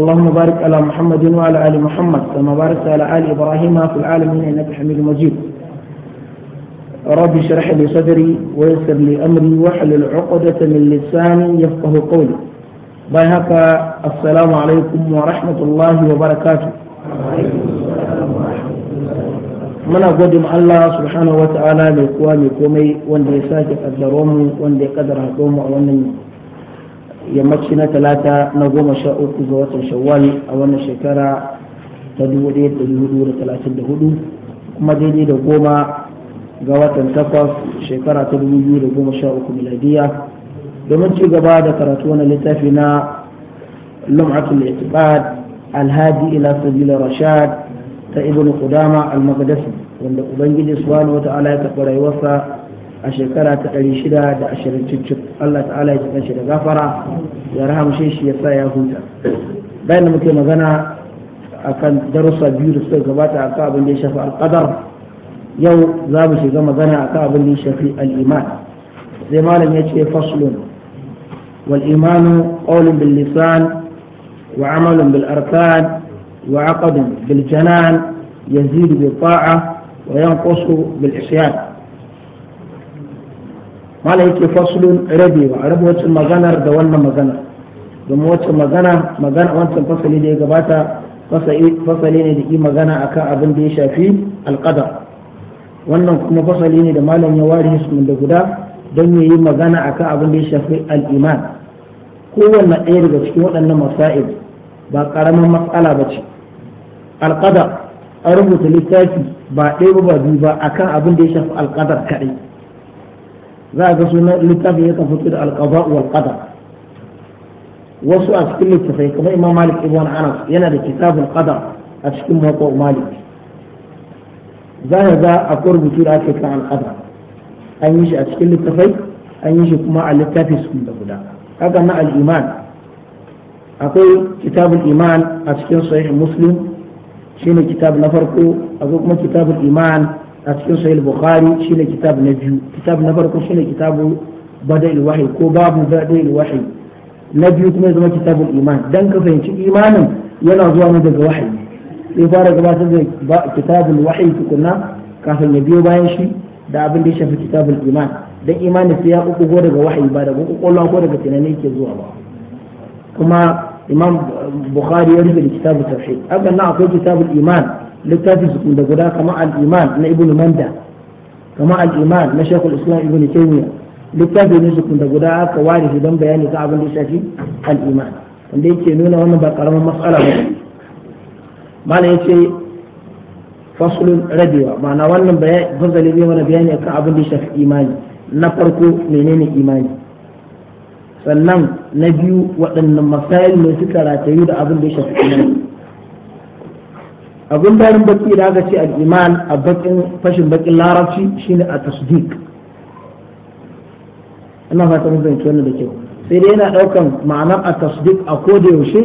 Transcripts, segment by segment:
اللهم بارك على محمد وعلى آل محمد كما باركت على آل إبراهيم في العالمين إنك حميد مجيد رب اشرح لي صدري ويسر لي أمري واحلل عقدة من لساني يفقه قولي باي هكا السلام عليكم ورحمة الله وبركاته وعليكم السلام ورحمة الله wa ta'ala الله سبحانه وتعالى komai wanda ya sake kaddaro mu wanda ya kaddara yammaci na talata na goma sha uku ga watan shawwal a wannan shekara ta 1434 kuma daidai da goma ga watan takwas shekara ta 2013 miladiya domin ci gaba da karatu wani littafi na lum'atul itibad alhadi ila sabila rashad ta ibn qudama al-maqdisi wanda ubangiji subhanahu wata'ala ya karɓi rayuwarsa أشكرا تقلي شدا أشكرا تجد الله تعالى يجبن شدا غفرا يرحم شيشي يسا يا هودا بين مكي أكان درس البيوت في قباطة أكاب اللي شفاء القدر يو ذاب شيء غنى أكاب اللي شفاء الإيمان زي ما لم يجي فصل والإيمان قول باللسان وعمل بالأركان وعقد بالجنان يزيد بالطاعة وينقص بالإحسان mala yake fasulun rabewa a wacce maganar da wannan magana domin wacce magana magana wancan fasali da ya gabata fasali ne da yi magana akan abin da ya shafi alƙadar wannan kuma fasali ne da malam ya ware su da guda don ya yi magana akan abin da ya shafi al'iman kowanne ɗaya daga cikin waɗannan masa'il ba ƙaramin matsala ba ce alƙadar an rubuta littafi ba ɗaya ba biyu ba akan abin da ya shafi alƙadar kaɗai za a ga sunan littafin ya fito da alƙaba wal qadar wasu a cikin littafai kamar imam malik ibn anas yana da kitabul qadar a cikin mako malik za a ga akwai rubutu da ake kan alƙadar an yi shi a cikin littafai an yi shi kuma a littafi su da guda haka na al-iman akwai kitabul iman a cikin sahih muslim shine kitab na farko akwai kuma kitabul iman a cikin sahih bukhari shine kitab na biyu kitab na farko shine kitabu bada'il wahyi ko babu bada'il wahyi na biyu kuma zama kitabul iman dan ka fahimci imanin yana zuwa ne daga wahayi sai fara gabatar da kitabul wahyi tukunna kafin ya biyo bayan shi da abin da ya shafi kitabul iman dan imani sai ya kukugo daga wahayi ba daga kokolwa ko daga tunani yake zuwa ba kuma imam bukhari ya rubuta kitabul tauhid haka nan akwai kitabul iman littafi su da guda kama al-iman na ibn manda kama al-iman na shekul islam ibn taymiya littafi ne su da guda aka ware shi don bayani ka abin da ya shafi al-iman wanda yake nuna wannan ba karamin matsala ba mana yace fasulun rabewa ma'ana wannan fazali zai mana bayani kan abin da ya shafi imani na farko menene imani sannan na biyu waɗannan masail ne suka ratayu da abin da ya shafi imani abin darin baki da aka ce al-iman a bakin fashin bakin larabci shine a tasdiq ina fata mun fahimci wannan da kyau sai dai yana daukan ma'anar a tasdiq a koda yaushe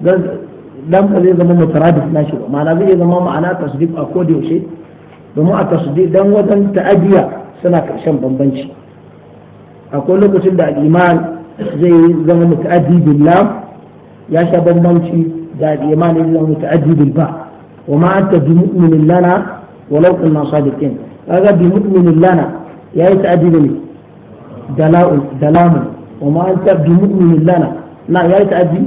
dan ba zai zama mutaradif na shi ma'ana zai zama ma'ana tasdiq a koda yaushe domin a tasdiq dan wajen ta'adiya suna karshen bambanci akwai lokacin da al-iman zai zama muta'addi billah ya sha bambanci da al-iman zai zama muta'addi billah ba' wa ma anta bi mu'minin lana walau kunna sadiqin kaga bi mu'minin lana yayi ta'addi da ne dala'un dalamun wa ma anta bi mu'minin lana na yayi ta'addi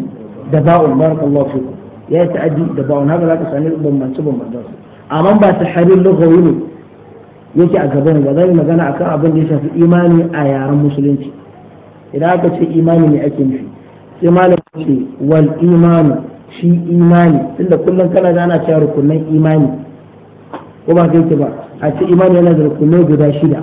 da ba'un barakallahu fikum yayi ta'addi da ba'un haka zaka sani bambance bambance amma ba ta harin lughawi ne yake a gaban ba zai magana akan abin da ya shafi imani a yaren musulunci idan aka ce imani ne ake nufi sai malam ce wal imanu shi imani tunda kullum kana da ana cewa rukunan imani ko ba kai ba a ce imani yana da rukunai guda shida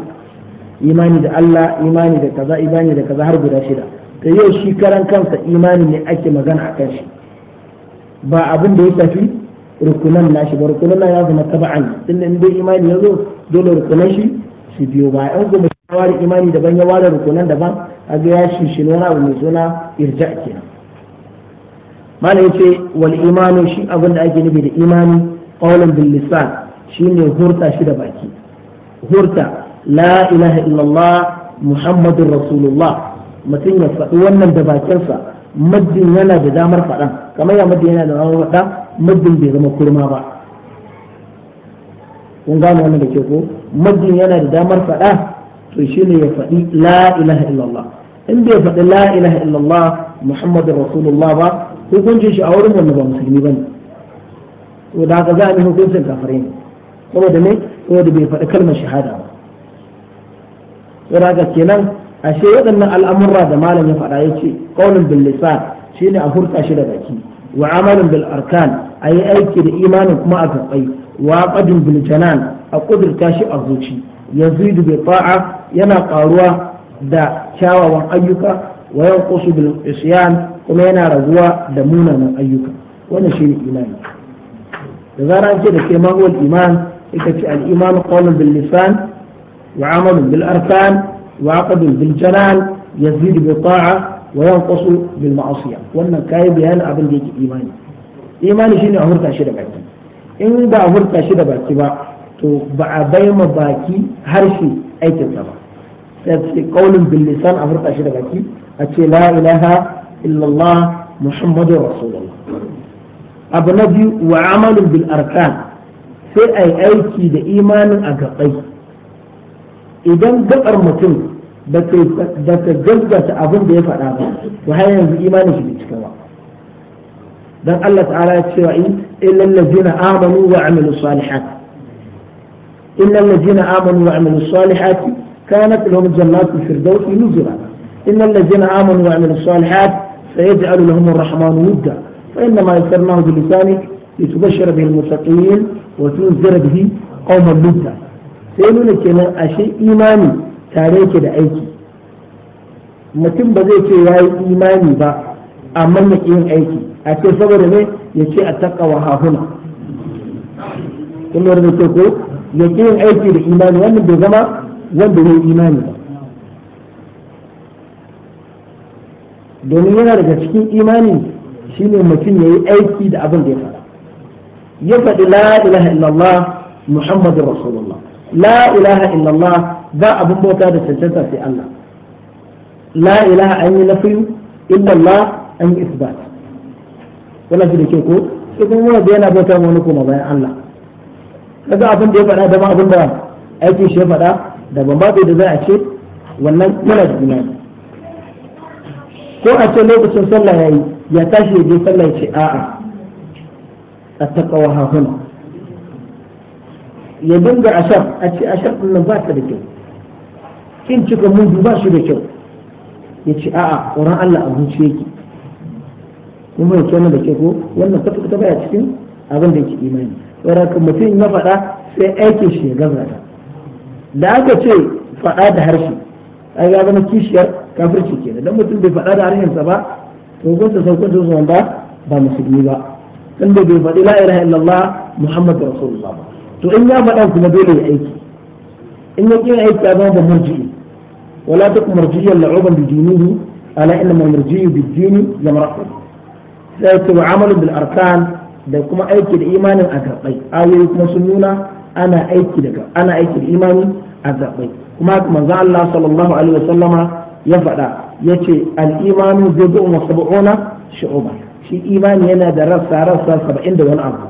imani da Allah imani da kaza imani da kaza har guda shida to yau shi karan kansa imani ne ake magana a kan shi ba abin da ya tafi rukunan nashi ba rukunan na ya zama taba'an tunda in dai imani ya zo dole rukunan shi su biyo ba yan ya ware imani daban ya ware rukunan daban a ga ya shi shi wani abu mai suna irja kenan mana yace wal imanu shi abin da ake nufi da imani qawlan bil lisan shine hurta shi da baki hurta la ilaha illallah muhammadur rasulullah mutum ya faɗi wannan da bakinsa maddin yana da damar faɗan kamar ya maddin yana da damar faɗa maddin bai zama kurma ba kun gano wannan da ke ko maddin yana da damar faɗa to shi ne ya faɗi la ilaha illallah in bai faɗi la ilaha illallah muhammadur rasulullah ba hukuncin shi a wurin wanda ba musulmi ba ne to da haka za a yi hukuncin kafirai ne da ne da bai faɗi kalmar shahada ba saboda haka kenan ashe waɗannan al'amurra da malam ya faɗa ya ce ƙaunin bil lisan ne a hurta shi da baki wa amalin bil arkan a yi aiki da imanin kuma a karɓai wa bil'janan bil janan a ƙudurta shi a zuci da bai ta'a yana ƙaruwa da kyawawan ayyuka wa yanqusu bil isyan kuma yana raguwa da munanan ayyuka wannan shine imani da zara an ce da kai mahuwal iman ita ce al-iman qawlun bil lisan wa amalun bil arkan wa aqdun bil janan yazidu bi ta'a wa yanqusu bil ma'asiya wannan kai bayanin abin da yake imani imani shine a hurta shi da baki in ba a hurta shi da baki ba to ba a bai ma baki harshe aikinsa ba sai ce qawlun bil lisan a hurta shi da baki a ce la ilaha إلا الله محمد رسول الله أبنبي وعمل بالأركان في أي أيكي دا إيمان أقاقي إذا قطر متن بك جزة أظن بيفع هذا وهي إيمان شبيت كما دان الله تعالى إلا الذين آمنوا وعملوا الصالحات إلا الذين آمنوا وعملوا الصالحات كانت لهم جنات الفردوس نزلا إلا الذين آمنوا وعملوا الصالحات سيجعل لهم الرحمن ودا فإنما يسرناه بلسانك لتبشر به المتقين وتنذر به nuna kenan سيقول imani أشيء إيماني تاريك دعيك mutum ba zai ce ya yi imani ba amma ya yin aiki a saboda ne ya ce a taka hahuna kun lura da ko ya yin aiki da imani wannan bai zama wanda ya yi imani ba domin yana daga cikin imani shine mutum ya yi aiki da abin da ya faɗa ya faɗi la ilaha illallah muhammadu rasulullah la ilaha illallah ba abin bauta da cancanta sai Allah la ilaha an yi nafiyu illallah an yi isbat wannan shi da ke ko sai kuma wanda yana bauta wani kuma bayan Allah kaga abin da ya faɗa da ba abin da aikin shi ya faɗa da ban da za a ce wannan yana da imani ko a ce lokacin sallah yayi ya tashi ya je sallah ya ce a'a attaqwa ha huna ya dinga ashar a ce ashar din nan ba ta da kyau kin cika mun ba shi da kyau ya ce a'a tsoron Allah a zuci yake kuma ya kenan da kyau ko wannan kwata fita baya cikin abin da yake imani wara kan mutum ya faɗa sai aikin shi ya gaza da aka ce faɗa da harshe ai ya zama kishiyar kafirci kenan dan mutum bai faɗa da harshensa ba to gunta sauƙin su zuwan ba ba musulmi ba dan da bai faɗi la ilaha illallah muhammadu rasulullah ba to in ya faɗa kuma dole ya aiki in ya kira aiki ya zama ba murji'i wala takum marjiyyan la'uban bi dinihi ala inna marjiyyu bi dini yamra'u sai ta amalu bil arkan da kuma aiki da imanin a gabai ayoyi kuma sun nuna ana aiki da ana aiki da imani a gabai kuma manzo Allah sallallahu alaihi wasallama ya faɗa yace al-imanu bid'un wa sab'una shu'ba shi imani yana da rassa rassa 70 da wani abu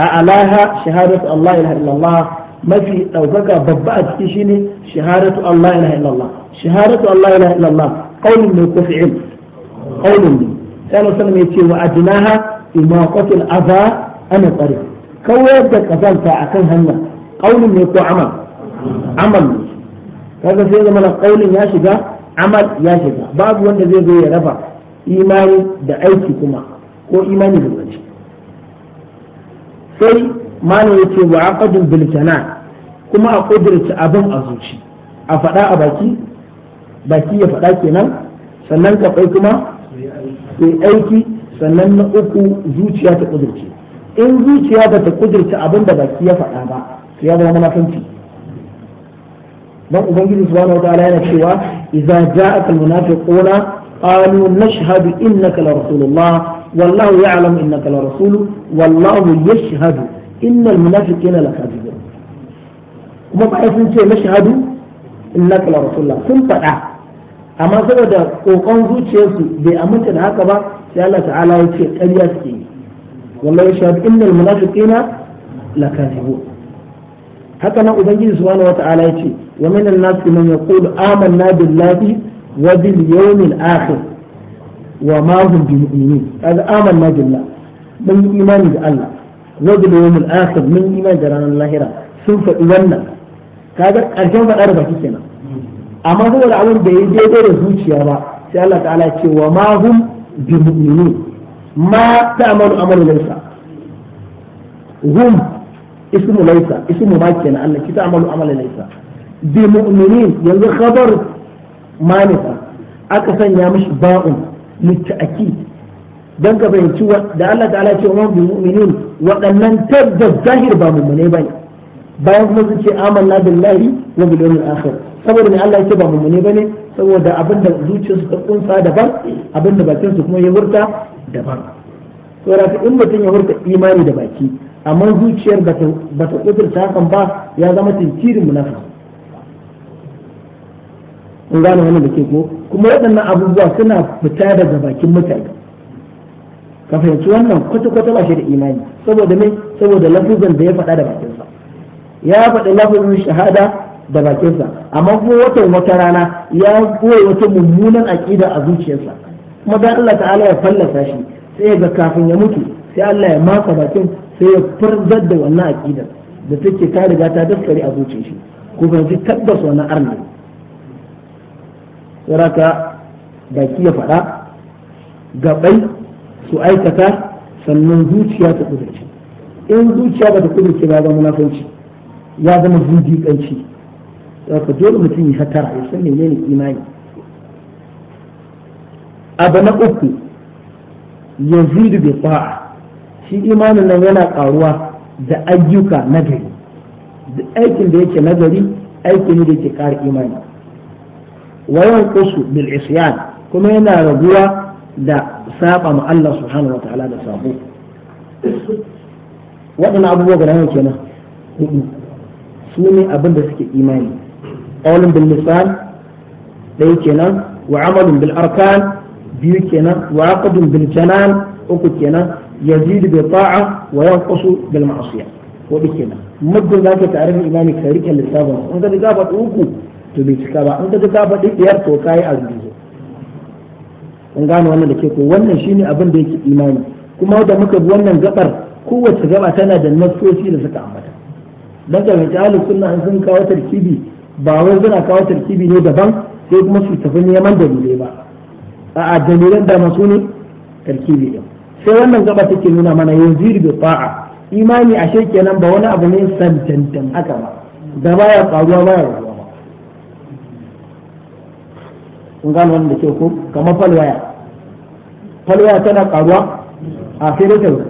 a alaha shahadatu Allah ilaha illallah mafi ɗaukaka babba a ciki shine shahadatu Allah ilaha illallah shahadatu Allah ilaha illallah qaulun ne ko fi'il qaulun ne sai Allah sallallahu alaihi wasallam ya ce wa adnaha imaqatul adha ana tsari kawai da kazanta akan hanya qaulun ne ko amal amal kaga sai zama kaulin ya shiga amal ya shiga babu wanda zai zo ya raba imani da aiki kuma ko imani da zance sai malam ce wa aqdul bil kuma a kudirce abin a zuci a faɗa a baki baki ya faɗa kenan sannan ka kuma sai aiki sannan na uku zuciya ta kudirce in zuciya ta kudirce abin da baki ya faɗa ba ya zama munafanci dan ubangiji subhanahu wataala yana cewa idza ja'aka almunafiquna qalu nashhadu innaka la rasulullah wallahu ya'lamu innaka la rasulu wallahu yashhadu innal munafiqina lakadibun kuma ba sun ce nashhadu innaka la rasulullah sun faɗa amma saboda kokon zuciyarsu bai aminta da haka ba sai Allah ta'ala ya ce ƙarya suke yi wallahu yashhadu innal munafiqina lakadibun haka nan ubangiji subhanahu wata'ala yace wa minan nas man yaqulu amanna billahi wa bil yawmil akhir wa ma hum bimu'minin kaga amanna billah mun yi imani da Allah wa bil yawmil akhir mun yi imani da ranar lahira sun faɗi wannan kaga karshen faɗar kike kenan amma da abin da ya daidai da zuciya ba sai Allah ta'ala ce wa ma hum bimu'minin ma ta'malu amalu laysa hum ismu laisa ismu ma kenan Allah kita amalu amala laisa bi mu'minin yanzu khabar manifa aka sanya mishi ba'un litta'aki dan ka fahimci da Allah ta'ala ce wa bi mu'minin waɗannan tabbas zahir ba mummune bane bayan kuma sun ce amanna billahi wa bil saboda ne Allah yake ba mummune bane saboda abinda zuciyarsu ta kunsa daban abinda bakinsu kuma ya wurta daban saboda in mutum ya wurta imani da baki amma zuciyar ba ta kudurta hakan ba ya zama tinkirin munafa in gane wani da ke ko kuma waɗannan abubuwa suna fita daga bakin mutane ka fahimci wannan kwata-kwata ba shi da imani saboda mai saboda lafuzan da ya faɗa da bakinsa ya faɗi lafuzin shahada da bakinsa amma kuma watan wata rana ya koya wata mummunan aƙida a zuciyarsa kuma da Allah ta'ala ya fallasa shi sai ga kafin ya mutu sai Allah ya maka bakin sai ya farzar da wannan aƙidar da take ta riga ta daskare a zuci shi ko ban ji tabbas wannan arna saraka baki ya faɗa gabai su aikata sannan zuciya ta kudurci in zuciya ba ta kudurci ba zama munafanci ya zama zujiƙanci ka dole mutum ya hatara ya san menene imani abu na uku yazidu bai fa'a shi imanin nan yana karuwa da ayyuka nagari aikin da yake nagari aiki ne da yake ƙara imani wayan kusu bil isyan kuma yana raguwa da saba ma Allah subhanahu wa ta'ala da sabo waɗannan abubuwa guda nawa kenan hudu su ne abin da suke imani qawlun bil lisan ɗaya kenan wa amalun bil arkan biyu kenan wa aqdun bil janan uku kenan yazidu bai ta'a wa yanqusu bil ma'siyah ko dike nan muddin zaka tarihi imami ka rike lissafin in ka ga uku to bai cika ba in ka ga faɗi biyar to kai azuzu in gano wannan da ke ko wannan shine abin da yake imani kuma da muka bi wannan gabar kowace gaba tana da nassoci da suka ambata dan ga misalin sunna in sun kawo tarkibi ba wai suna kawo tarkibi ne daban sai kuma su tafi neman dalilai ba a'a dalilan dama masu ne tarkibi sai wannan gaba take nuna mana yanzu bi fa'a imani ashe kenan ba wani abu ne santantan haka ba da baya karuwa baya ruwa ba kun gano wannan da ke ko kamar falwaya falwaya tana karuwa a sai da tauri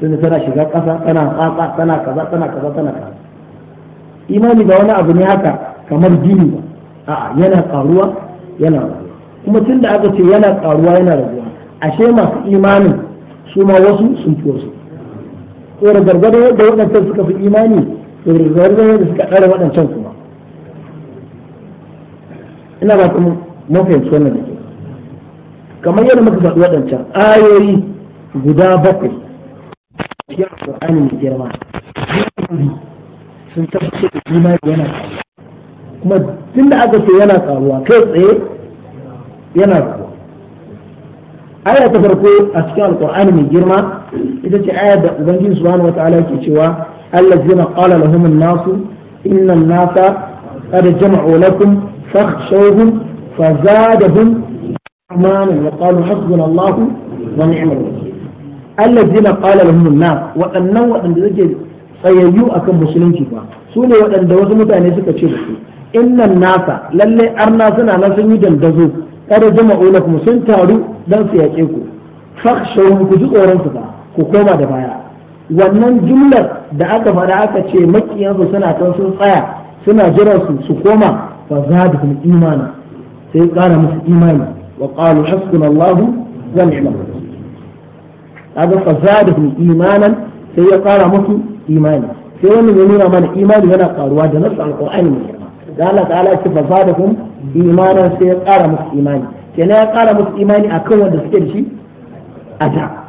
tunda tana shiga ƙasa tana tsatsa tana kaza tana kaza tana kaza imani ba wani abu ne haka kamar gini ba a'a yana karuwa yana rabuwa kuma tunda aka ce yana karuwa yana rabuwa ashe masu imanin su ma wasu sun fi wasu to da gargado da waɗancan suka fi imani to da gargado da suka ɗara waɗancan kuma ina ba kuma mun fahimci wannan da ke kamar yadda muka faɗi waɗancan ayoyi guda bakwai cikin alƙur'ani mai girma sun tafi da imani yana kuma tun da aka ce yana karuwa kai tsaye yana karuwa aya ta farko a cikin alqur'ani mai girma ita ce aya da ubangiji subhanahu wataala ke cewa allazina qala lahum an-nasu inna an-nasa qad jama'u lakum fakhshawhum fazadahum imanan wa qalu hasbuna Allah wa ni'mal wakeel allazina qala lahum an-nas waɗannan waɗanda suke tsayayyu akan musulunci ba su ne waɗanda wasu mutane suka ce da su innan nasa lalle arna suna nan sun yi dandazo kada jama'u lakum sun taru dan su yaƙe ku fakhshawhum ku ji tsoron su ba ku koma da baya wannan jumlar da aka faɗa aka ce makiyansu suna kan sun tsaya suna jiran su su koma fa zadukum imana sai ƙara musu imani wa qalu hasbunallahu wa ni'mal kaga fa zadukum imanan sai ya ƙara musu imani sai wannan ya nuna mana imani yana ƙaruwa da nasu alqur'ani ne da Allah ta'ala ce fa zadahum imanan sai ya ƙara musu imani kenan ya ƙara musu imani akan wanda suke da shi a da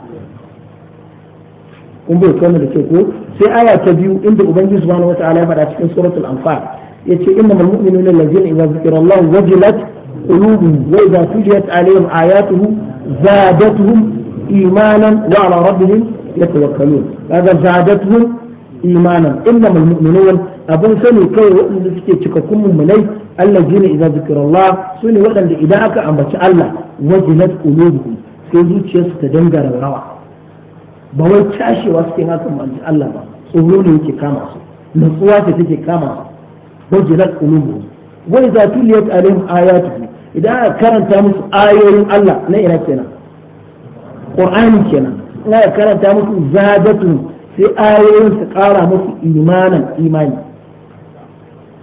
kun bai kawo da ke ko sai aya ta biyu inda ubangiji subhanahu wata'ala ya faɗa cikin suratul anfal yace innamal mu'minuna allazina idza zikra wajilat qulubuhum wa idza tuliyat alaihim ayatuhu zadatuhum imanan wa ala rabbihim yatawakkalun kaga zadatuhum imanan innamal mu'minuna abin sani kai waɗanda suke cikakkun mummunai Allah jina idan zikirallah su ne waɗanda idan aka ambaci Allah wajilat qulubuhum sai zuciyarsu ta danga rawa ba wai cashewa suke haka manci Allah ba tsoro ne yake kama su tsuwa ce take kama su wajilat qulubuhum wa idza tuliyat alaihim ayatuhu idan aka karanta musu ayoyin Allah na ina kenan qur'ani kenan ina karanta musu zadatu sai ayoyin su kara musu imanan imani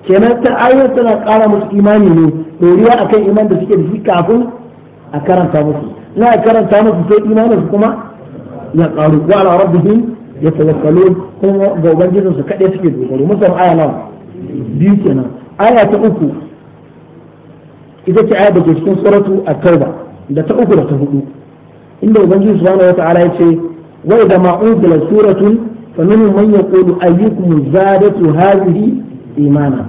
kenan ta ayoyin tana kara musu imani ne a akan iman da suke da shi kafin a karanta musu na karanta musu sai imanin su kuma ya karu wa ala rabbihim tawakkalu kuma ga ubangijin su kadai suke dogaro musan aya nawa biyu kenan aya ta uku ita ce aya da ke cikin suratu at-tauba da ta uku da ta hudu inda ubangiji subhanahu wata'ala ya ce wa da ma unzila suratun faminhum man yaqulu ayyukum zadatu hadhihi imana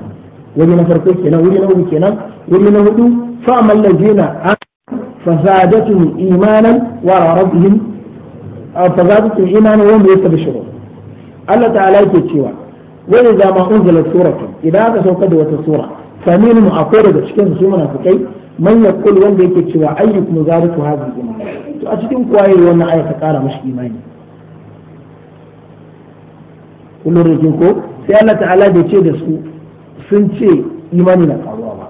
wani na farko kenan wuri na hudu kenan wuri na hudu fa mallajina fazadatu imanan wa rabbihim fazadatu imanan wa yasa bishru Allah ta'ala yake cewa wani da ma unzila surata idan aka sauka da wata sura fa minhum akwai daga cikin su munafikai manyan yaqul wanda yake cewa ayyukum zalika hadhi imanan to a cikin kuwaye wannan aya ta kara mashi imani kullun ko sai Allah ta'ala bai ce da su sun ce imani na karuwa ba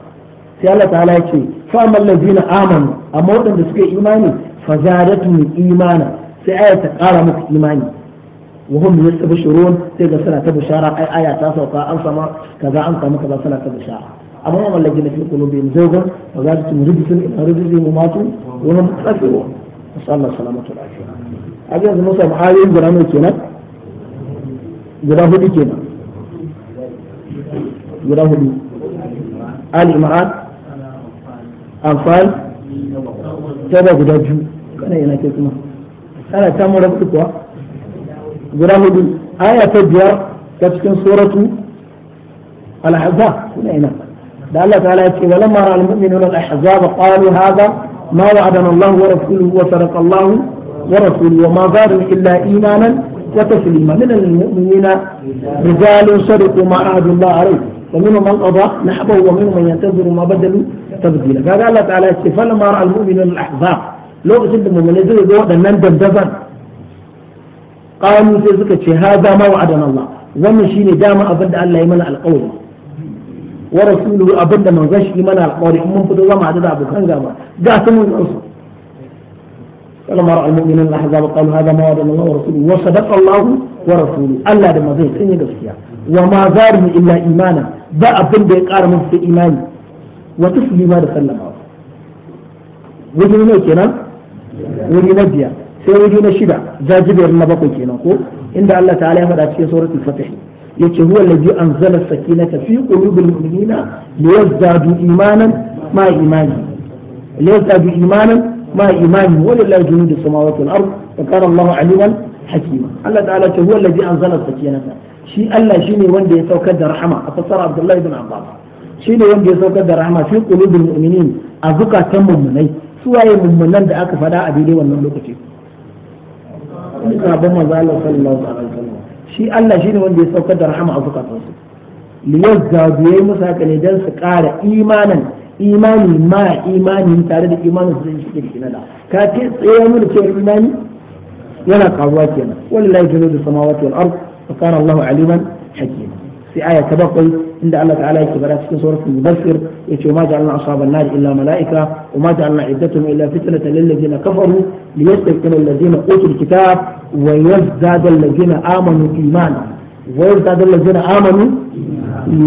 sai Allah ta'ala ya ce fa amallazina amanu amma waɗanda suka yi imani fa zadatu imana sai aya ta ƙara muku imani wa hum yastabshirun sai ga suna ta bishara ai aya ta sauka an sama kaza an samu kaza suna ta bishara amma wa mallaki na fi qulubihim zawgan fa zadatu rijsun ila rijsihim matu wa hum kafirun sallallahu salamatu alaihi wa sallam abin da musa ma'ayin guda mai kenan guda hudu kenan guda hudu ali imran anfal guda biyu kana yana ke kuma ana samun rabu kuwa guda hudu aya ta biyar ta cikin suratu al-ahzab kuna yana da Allah ta'ala ya ce walamma ra'al mu'minuna al-ahzab qalu hadha ما وعدنا الله ورسوله وصدق الله ورسوله وما زادوا إلا إيمانا وتسليما من المؤمنين رجال صدقوا ما عهد ومنهم من قضى نحبه ومنهم من ينتظر ما بدلوا تبديلا قال الله تعالى فلما راى المؤمنون zai لو قلت لهم من يدري دو دندن قالوا سي هذا ما وعدنا الله wannan shi ne dama abin da Allah ya mana alƙawari wa rasuluhu abin da manzon shi mana alƙawari kuma fito zama a da abokan gaba ga su mun zo kana mara almu'minin la hazaba qalu hadha ma wa'ada Allah wa rasuluhu wa sadaqa Allah wa rasuluhu Allah da manzon sun yi gaskiya wa ma zarimu illa imana ba abin da ya ƙara musu da imani wa taslima da sallama wuri ne kenan wuri na biya sai wuri na shida jajibiyar na bakwai kenan ko inda Allah ta'ala ya faɗa cikin suratul fatih yace huwa allazi anzala sakinata fi qulubil mu'minina liyazdadu imanan ma imani liyazdadu imanan ما إيمان ولله جنود السماوات والأرض وكان الله عليما حكيما الله تعالى هو الذي أنزل السكينة shi Allah shine wanda ya saukar da rahama a fassara Abdullahi ibn Abbas shine wanda ya saukar da rahama fi qulubil mu'minin a zukatan mummunai su waye mummunan da aka faɗa a daidai wannan lokaci sabon manzo Allah sallallahu alaihi wasallam shi Allah shine wanda ya saukar da rahama a zukatan su liyazzadu yayi musu haka ne dan su ƙara imanin imani ma imani tare da imanin su zai shi cikin da ka ce tsaye mun ce imani yana karuwa kenan wallahi jinu da samawati wal ardh wa kana Allahu aliman hakima sai aya ta bakwai inda Allah ta'ala yake bara cikin suratul mudaththir yace ma ja'alna ashaban nar illa malaika wa ma ja'alna iddatuhum illa fitnatan lil ladina kafaru liyastaqima alladhina utul kitab wa yazdada alladhina amanu imana wa yazdada alladhina amanu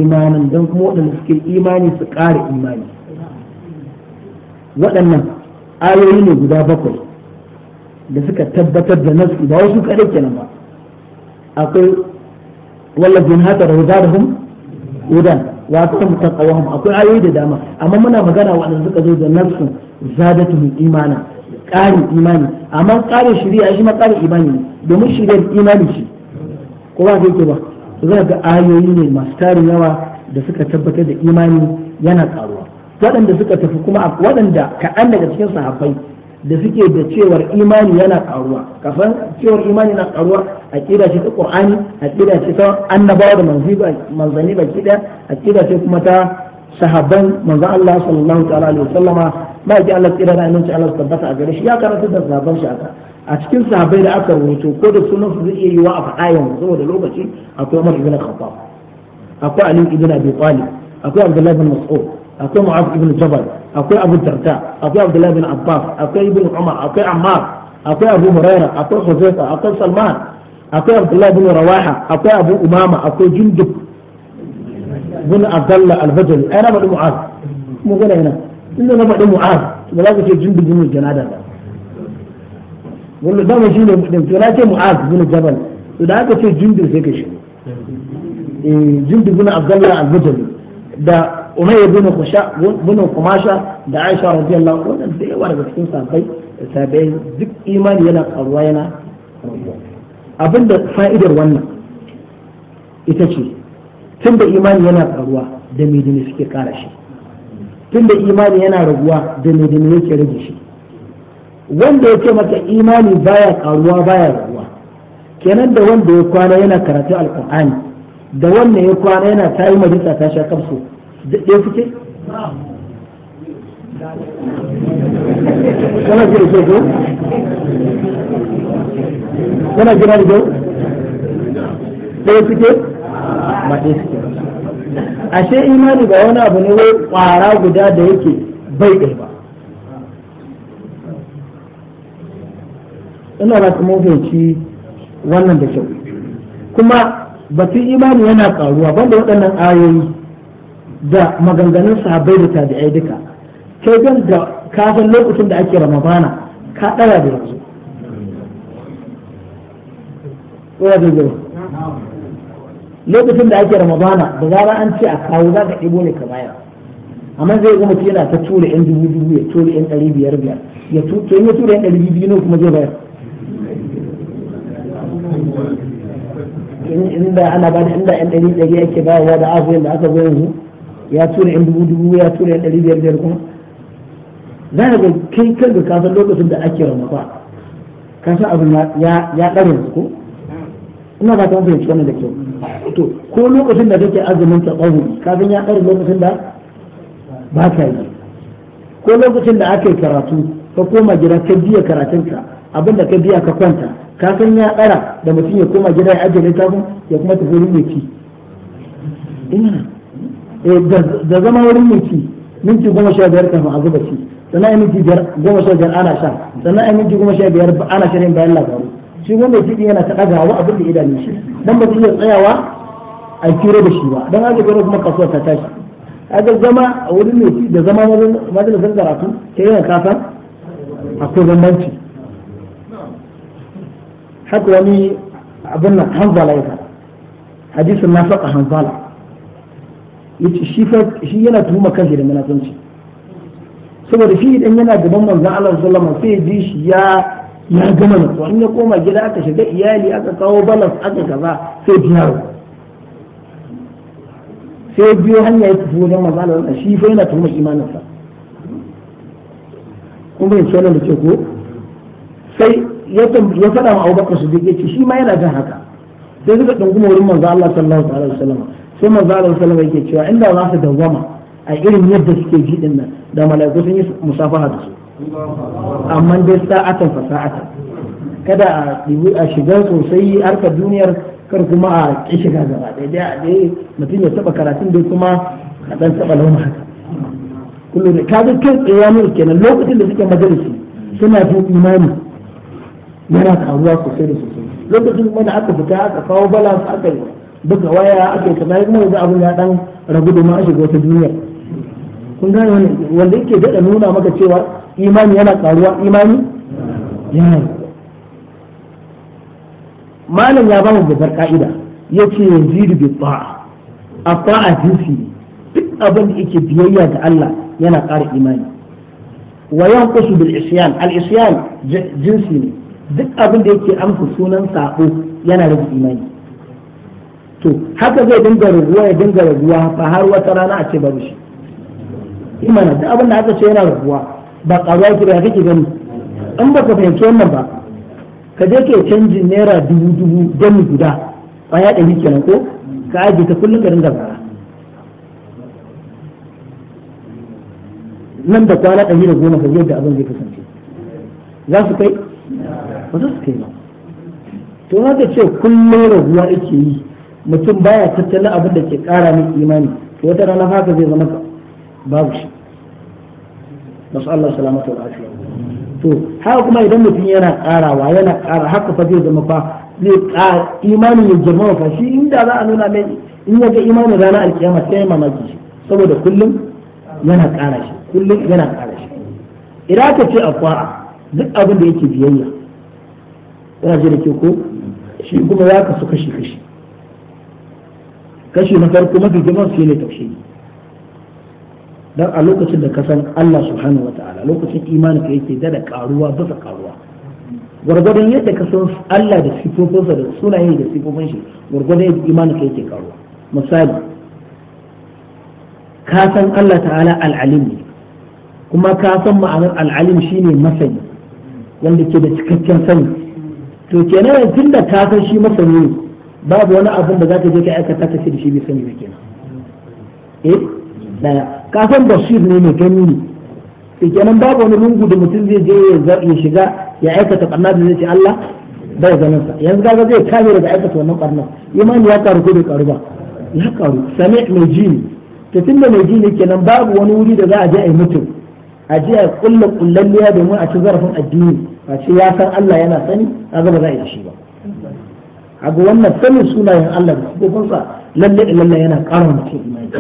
imanan dan kuma wadanda suke imani su ƙara imani waɗannan ayoyi ne guda bakwai da suka tabbatar da nasu ba wasu kaɗai kenan akwai wallafin haka da wuzarahum wudan wa kan taqawahum akwai ayoyi da dama amma muna magana waɗanda suka zo da nafsu zadatuhum imana ƙarin imani amma ƙarin shiriya shi ma ƙarin imani ne domin shari'ar imani shi ko ba kai ba za ga ayoyi ne masu tarin yawa da suka tabbatar da imani yana karuwa waɗanda suka tafi kuma waɗanda kaɗan daga cikin sahabbai da suke da cewar imani yana karuwa kafin cewar imani na karuwa a kira shi ta qur'ani a kira shi ta annabawa da manzanni baki daya a kira shi kuma ta sahabban manzon Allah sallallahu ta'ala alaihi wasallama ma yake Allah kira da annabi Allah tabbata a gare shi ya karanta da sahabban shi aka a cikin sahabbai da aka rubuto ko da sunan su zai iya yi wa a faɗa saboda lokaci akwai Umar ibn Khattab akwai Ali ibn Abi Talib akwai Abdullah ibn Mas'ud akwai mu'az ibn jabal akwai abu darda akwai abdullahi bin abbas akwai ibn umar akwai ammar akwai abu huraira akwai huzaifa akwai salman akwai abdullahi bin rawaha akwai abu umama akwai jundub bin abdullah al-badri ai na faɗi mu'az mu gane yana inda na faɗi mu'az ba za ka ce jundub bin janada ba wanda dama shi ne mutum to na ce mu'az bin jabal to da aka ce jundub sai ka shi eh jundub bin abdullah al-badri da umayya bin khusha bin kumasha da aisha radiyallahu anha wannan da yawa daga cikin sahabbai da tabi'ai duk imani yana karuwa yana abinda fa'idar wannan ita ce tun da imani yana karuwa da medini suke kara shi tun da imani yana raguwa da medini yake rage shi wanda ya ce maka imani baya karuwa baya raguwa kenan da wanda ya kwana yana karatu alqur'ani da wanda ya kwana yana tayi majalisa ta sha kafsu duk ɗaya suke kana jira ke ko kana jira da ko ɗaya suke ba ɗaya suke ashe imani ba wani abu ne wai kwara guda da yake bai ɗaya ba ina ba ta mafiyanci wannan da kyau kuma batun imani yana ƙaruwa banda waɗannan ayoyi da maganganun sahabbai da tabi'ai duka kai gan da kafin lokacin da ake ramadana ka ɗara da yanzu lokacin da ake ramadana da zara an ce a kawo za ka ɗibo ne ka bayar amma zai kuma ce yana ta tura yan dubu dubu ya tura yan ɗari biyar biyar ya tura ya tura yan ɗari biyu ne kuma zai bayar inda ana ba da inda yan ɗari ɗari ake bayarwa da afuwa da aka zo yanzu ya tura yan dubu dubu ya tura yan ɗari biyar biyar kuma za ka kai kanka ka san lokacin da ake ba ka san abin ya ya ɗare ko ina ba ta mun fahimci wannan da kyau to ko lokacin da kake azumin ta tsawo ka san ya ɗarin lokacin da ba ka yi ko lokacin da aka yi karatu ka koma gida ka biya karatunka abin da ka biya ka kwanta ka san ya ɗara da mutum ya koma gida ya ajiye littafin ya kuma tafi wurin mai ci ina Eh, da zama wurin minti minti goma sha biyar kafin a zuba shi sannan ai minti goma sha biyar ana sha sannan ai minti goma sha biyar ana sha yin bayan labaru shi wanda ya kiɗi yana taɗa gawa abin da idanun shi dan ba zai iya tsayawa a kiro da shi ba dan haka kiro kuma kasuwa ta tashi haka zama a wurin mai da zama majalisar karatu ta yana kasan akwai bambanci haka wani abin nan hanzala ya faɗa hadisin na faɗa hanzala yace shi yana tuhuma kansa da munafunci saboda shi idan yana gaban manzon Allah sallallahu alaihi wasallam sai ji shi ya ya gama nutsuwa in ya koma gida aka shiga iyali aka kawo balas aka kaza sai biya sai biyo hanya ya tafi wajen manzon Allah sallallahu shi fa yana tuhuma imaninsa kun bai shi wannan da ke ko sai ya ya faɗa wa Abubakar Siddiq yace shi ma yana jin haka sai suka dunguma wurin manzon Allah sallallahu alaihi wasallam sai maza Allah sallallahu ke cewa inda za su dawwama a irin yadda suke ji din nan da malaiku sun yi musafaha da su amma dai sa'atan fa sa'atan kada a dibi a shiga sosai harka duniyar kar kuma a ki shiga gaba a dai mutum ya taba karatun dai kuma a ɗan taɓa lauma haka kullu da kaga kan tsayani kenan lokacin da suke majalisi suna jin imani yana karuwa sosai da sosai lokacin kuma da aka fita aka kawo balance aka yi buga waya ake kaza ya kuma yanzu abin ya dan rabu domin a shiga wata duniya kun gane wani wanda yake daɗa nuna maka cewa imani yana karuwa imani yana malam ya bamu babbar ka'ida ya ce yanzu bi ta'a a fa'a jinsi duk abin da yake biyayya ga Allah yana ƙara imani wa yanqusu bil isyan al isyan jinsi ne duk abin da yake amsa sunan sabo yana rage imani to haka zai dinga raguwa ya dinga raguwa ba har wata rana a ce babu shi imana duk abin da aka ce yana raguwa ba karuwa ki ba kake gani in ba ka fahimci wannan ba ka je ke canjin naira dubu dubu dami guda ya ɗari kenan ko ka ajiye ta kullum ka dinga bara nan da kwana ɗari da goma ka ga yadda abin zai kasance za su kai ba za su kai ba to haka ce kullum raguwa ake yi mutum baya tattalin abin da ke kara mai imani to wata rana haka zai zama babu shi masu Allah salamata wa afiya to haka kuma idan mutum yana karawa yana kara haka fa zai zama fa zai kara imanin ya jama'a fa shi inda za a nuna mai in ya ga imanin rana alkiyama sai ya mamaki shi saboda kullum yana kara shi kullum yana kara shi idan ka ce akwa duk abin da yake biyayya yana ji da ke ko shi kuma ya kasu kashi kashi kashi na farko mafi girma su ne tauhidi dan a lokacin da ka san Allah subhanahu wataala lokacin imani ka yake da karuwa bisa karuwa gwargwadon yadda ka san Allah da sifofinsa da sunaye da sifofin shi gwargwadon yadda imani ka yake karuwa misali ka san Allah ta'ala al'alim ne kuma ka san ma'anar al'alim shine masani wanda ke da cikakken sani to kenan tunda ka san shi masani ne babu wani abin da zaka je ka aikata ta ce da shi bai sani ba kenan eh daya ka san bashir ne mai gani ne eh, kenan babu wani lungu da mutum zai je ya shiga ya aikata barna da zai ce Allah bai ganin sa yanzu kaga zai kame daga aikata wannan barna imani ya karu ko bai karu ba ya karu sami mai ji ne to tunda mai ji ne kenan babu wani wuri da za a je a yi mutum a je a kulla kullalliya domin a ci zarafin addini a ce ya san Allah yana sani a ba za a yi shi ba ga wannan sanin sunayen Allah da sifofinsa lalle lalle yana ƙara mutum imani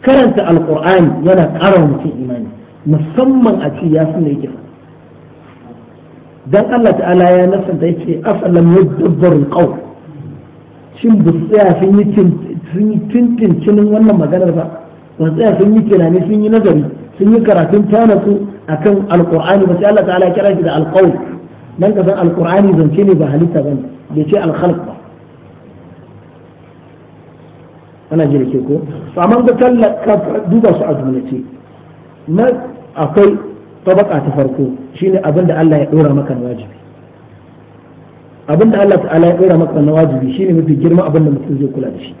karanta Alƙur'ani yana ƙara mutum imani musamman a ce ya suna yake dan Allah ta'ala ya nasanta yace afalam yadabbaru alqawl shin bu sun yi tuntuncinin wannan maganar ba ba tsaya sun yi tunani sun yi nazari sun yi karatun su akan alqur'ani ba sai Allah ta'ala ya kira shi da alqawl nan ka san alkur'ani zance ne ba halitta bane bai ce alkhalq ba ana jira ke ko to amma da talla ka duba su a jumlace na akwai tabaka ta farko shine abin da Allah ya dora maka na wajibi abin da Allah ta'ala ya dora maka na wajibi shine mafi girma abin da mutum zai kula da shi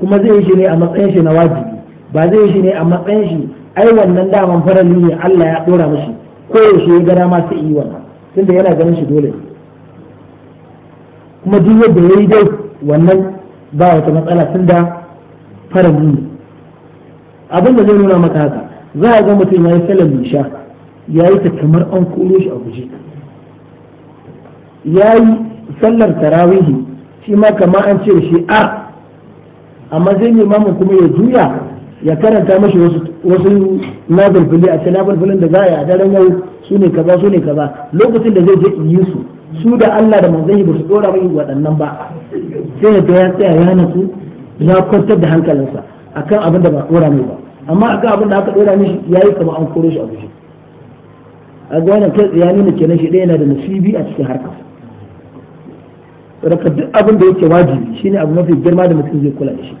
kuma zai yi shi ne a matsayin shi na wajibi ba zai yi shi ne a matsayin shi ai wannan daman farali ne Allah ya dora mashi ko yaushe ya ga dama sai yi wannan tunda yana ganin shi dole kuma duk yadda ya yi dai wannan ba wata matsala tunda farin ne abin da zai nuna maka haka za a ga mutum ya yi salon nisha ya yi ta kamar an koro shi a guje ya yi sallar tarawihi shi ma kamar an ce shi a ah! amma zai ne mamun kuma ya juya ya karanta mashi wasu wasu a cikin da za a yi a daren yau su ne kaza su ne kaza lokacin da zai je yi su su da Allah da manzon ba su dora mai waɗannan ba sai ya ga ya tsaya ya nasu ya kwantar da hankalinsa akan abin da ba dora mai ba amma akan abin da aka dora ya yi kama an kore shi a gushi a ga kai ya nuna kenan shi ɗaya na da nasibi a cikin harkar raka duk abin da yake wajibi shine abu mafi girma da mutum zai kula da shi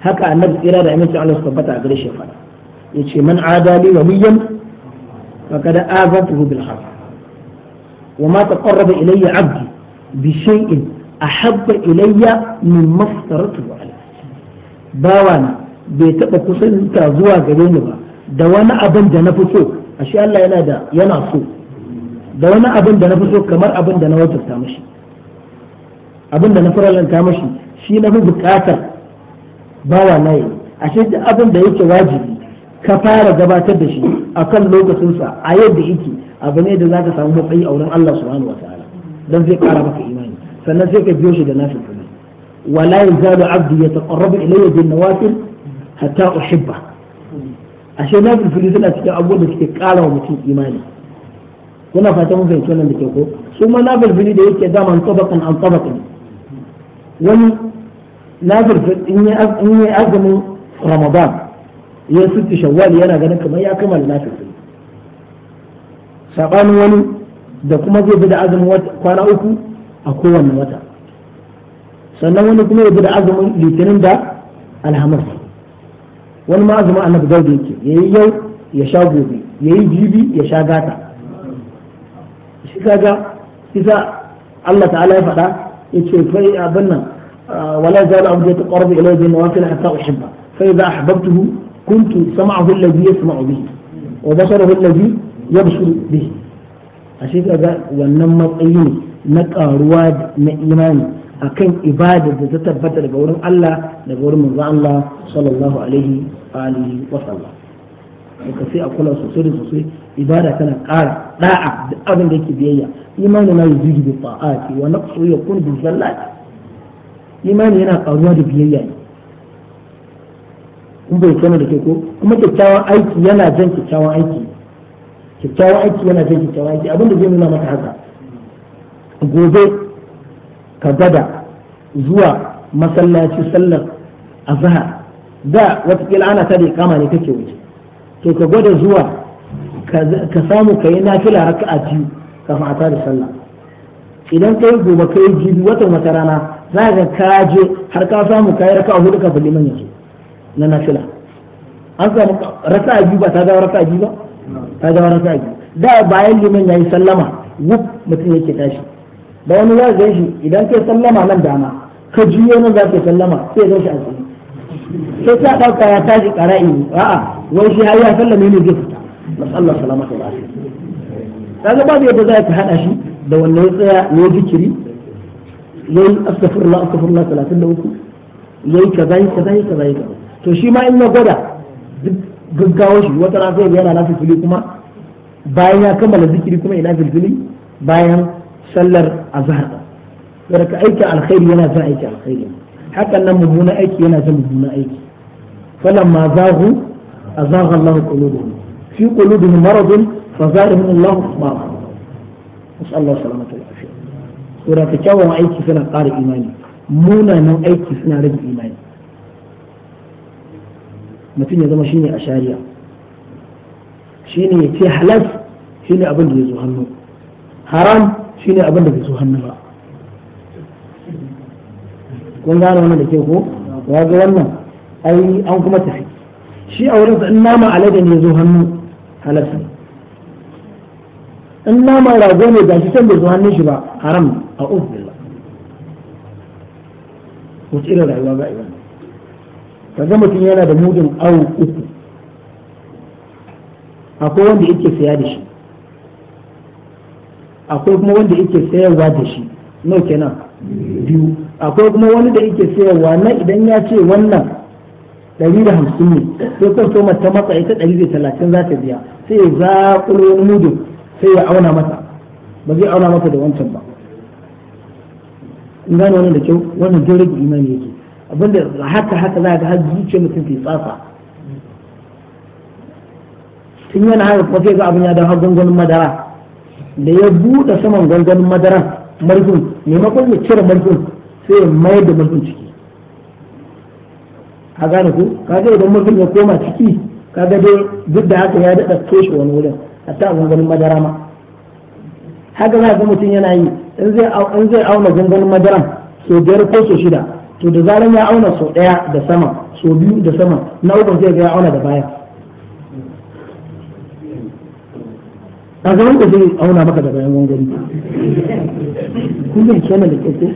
haka annabi tsira da amincin Allah su tabbata a gare shi fara yace man adali waliyan faqad azantuhu bil harb wa ma taqarraba ilayya 'abdi bi shay'in ahabba ilayya mimma aftaratuhu alayhi bawana bai taba kusanta zuwa gare ni ba da wani abin da na fito ashe Allah yana da yana so da wani abin da na fito kamar abin da na wajabta mashi abin da na faralanta mashi shi na fi bukatar wa nayi ashe abin da yake wajibi ka fara gabatar da shi akan lokacinsa a yadda yake abu ne da za ka samu matsayi a wurin Allah subhanahu wataala dan zai kara maka imani sannan sai ka biyo shi da nafil kuma wala yazalu abdi yataqarrabu ilayya bin nawafil hatta uhibba ashe nafil fili suna cikin abubuwan da suke kara wa mutum imani kuna fata mun fahimci wannan da ke ko su ma nafil fili da yake zaman tabakan an tabakan wani nafirfil in yi azumin ramadan ya sitti shawwal yana ganin kamar ya kammala nafirfil saɓanin wani da kuma zai bi da azumin kwana uku a kowane wata sannan wani kuma ya bi da azumin litinin da alhamis wani ma azumin annabi zaube yake ya yi yau ya sha gobe ya yi jibi ya sha gata shi kaga isa Allah ta'ala ya faɗa ya ce fai abin nan آه، ولا زال أرجو تقرب إليه بالنوافل حتى أحبه فإذا أحببته كنت سمعه الذي يسمع به وبصره الذي يبصر به أشيك هذا ونما طيب نكا رواد مئيمان أكن إبادة تتبت لقول الله لقول من الله صلى الله عليه وآله وسلم وكفي أقول الله سوري سوري إبادة كان قال لا أعد أبن ديك بيئة إيماننا ما يزيج بالطاعات ونقص يكون بالزلات imani yana karuwa da biyayya ne in bai kana da ke ko kuma kyakkyawan aiki yana jan kyakkyawan aiki kyakkyawan aiki yana jan kyakkyawan aiki abinda zai nuna maka haka gobe ka gada zuwa masallaci sallar azhar da watakila ana ta da kama ne kake wuce to ka gwada zuwa ka samu ka yi nafila raka'a biyu kafin a tada sallah idan kai gobe kai jibi watan wata rana za ka kaje har ka samu kayi raka hudu kafin liman yanzu na nafila an samu rasa a ba ta zama rasa a ba ta rasa a biyu da bayan liman ya yi sallama wuf mutum yake tashi da wani za ka shi idan kai sallama nan dama ka juyo nan za ka sallama sai ya shi a tsaye sai ta ɗauka ya tashi qara'i a'a wai shi har ya sallame ne zai fita nasallu salamatu wa zama ba babu yadda za ka haɗa shi da wannan ya tsaya ne jikiri yayi astaghfirullah astaghfirullah 33 yayi kaza yayi kaza yayi kaza yayi to shi ma in ya gwada gaggawar shi wata rana zai yana nafi fili kuma bayan ya kammala zikiri kuma ina filfili bayan sallar azhar da ka aika alkhairi yana zan aiki alkhairi hakan nan mummuna aiki yana zan mummuna aiki falan ma zahu azagha Allah qulubuhum fi qulubihim maradun fa zadahum Allah ma'a نسأل الله السلامة saboda ka aiki suna ƙara imani munanan aiki suna rage imani mutum ya zama shine a shari'a shine ya ce halal shine abin da ya zo hannu haram shine abin da bai zo hannu ba kun gane wannan da ke ko ya ga wannan ai an kuma tafi shi a wurin in nama alade ne ya zo hannu halarsa in naman rago ne ga shi can bai zo hannun shi ba haram a ubillah wace irin rayuwa ba iwan kaga mutum yana da mudin awo uku akwai wanda yake saya da shi akwai kuma wanda yake sayarwa da shi nau kenan biyu akwai kuma wani da yake sayarwa na idan ya ce wannan ɗari da hamsin ne sai kwasto ta matsa ita ɗari da talatin za ta biya sai ya zaƙulo wani mudin sai ya auna mata ba zai auna mata da wancan ba in gane wannan da kyau wannan dole da imani yake abinda haka haka za ga har zuciyar mutum ke tsafa tun yana haka kuma sai ga abin ya har gwangwanin madara da ya buɗe saman gwangwanin madara marfin maimakon ya cire marfin sai ya mayar da marfin ciki a gane ku kaga idan marfin ya koma ciki kaga dai duk da haka ya daɗa toshe wani wurin hatta gungunin madara ma haka za ga mutum yana yi in zai auna gungunin madaran so biyar ko so shida to da zaran ya auna so ɗaya da sama so biyu da sama na uku zai ga ya auna da baya a zaman da zai auna maka da bayan gwangwani kun bai kena da kyau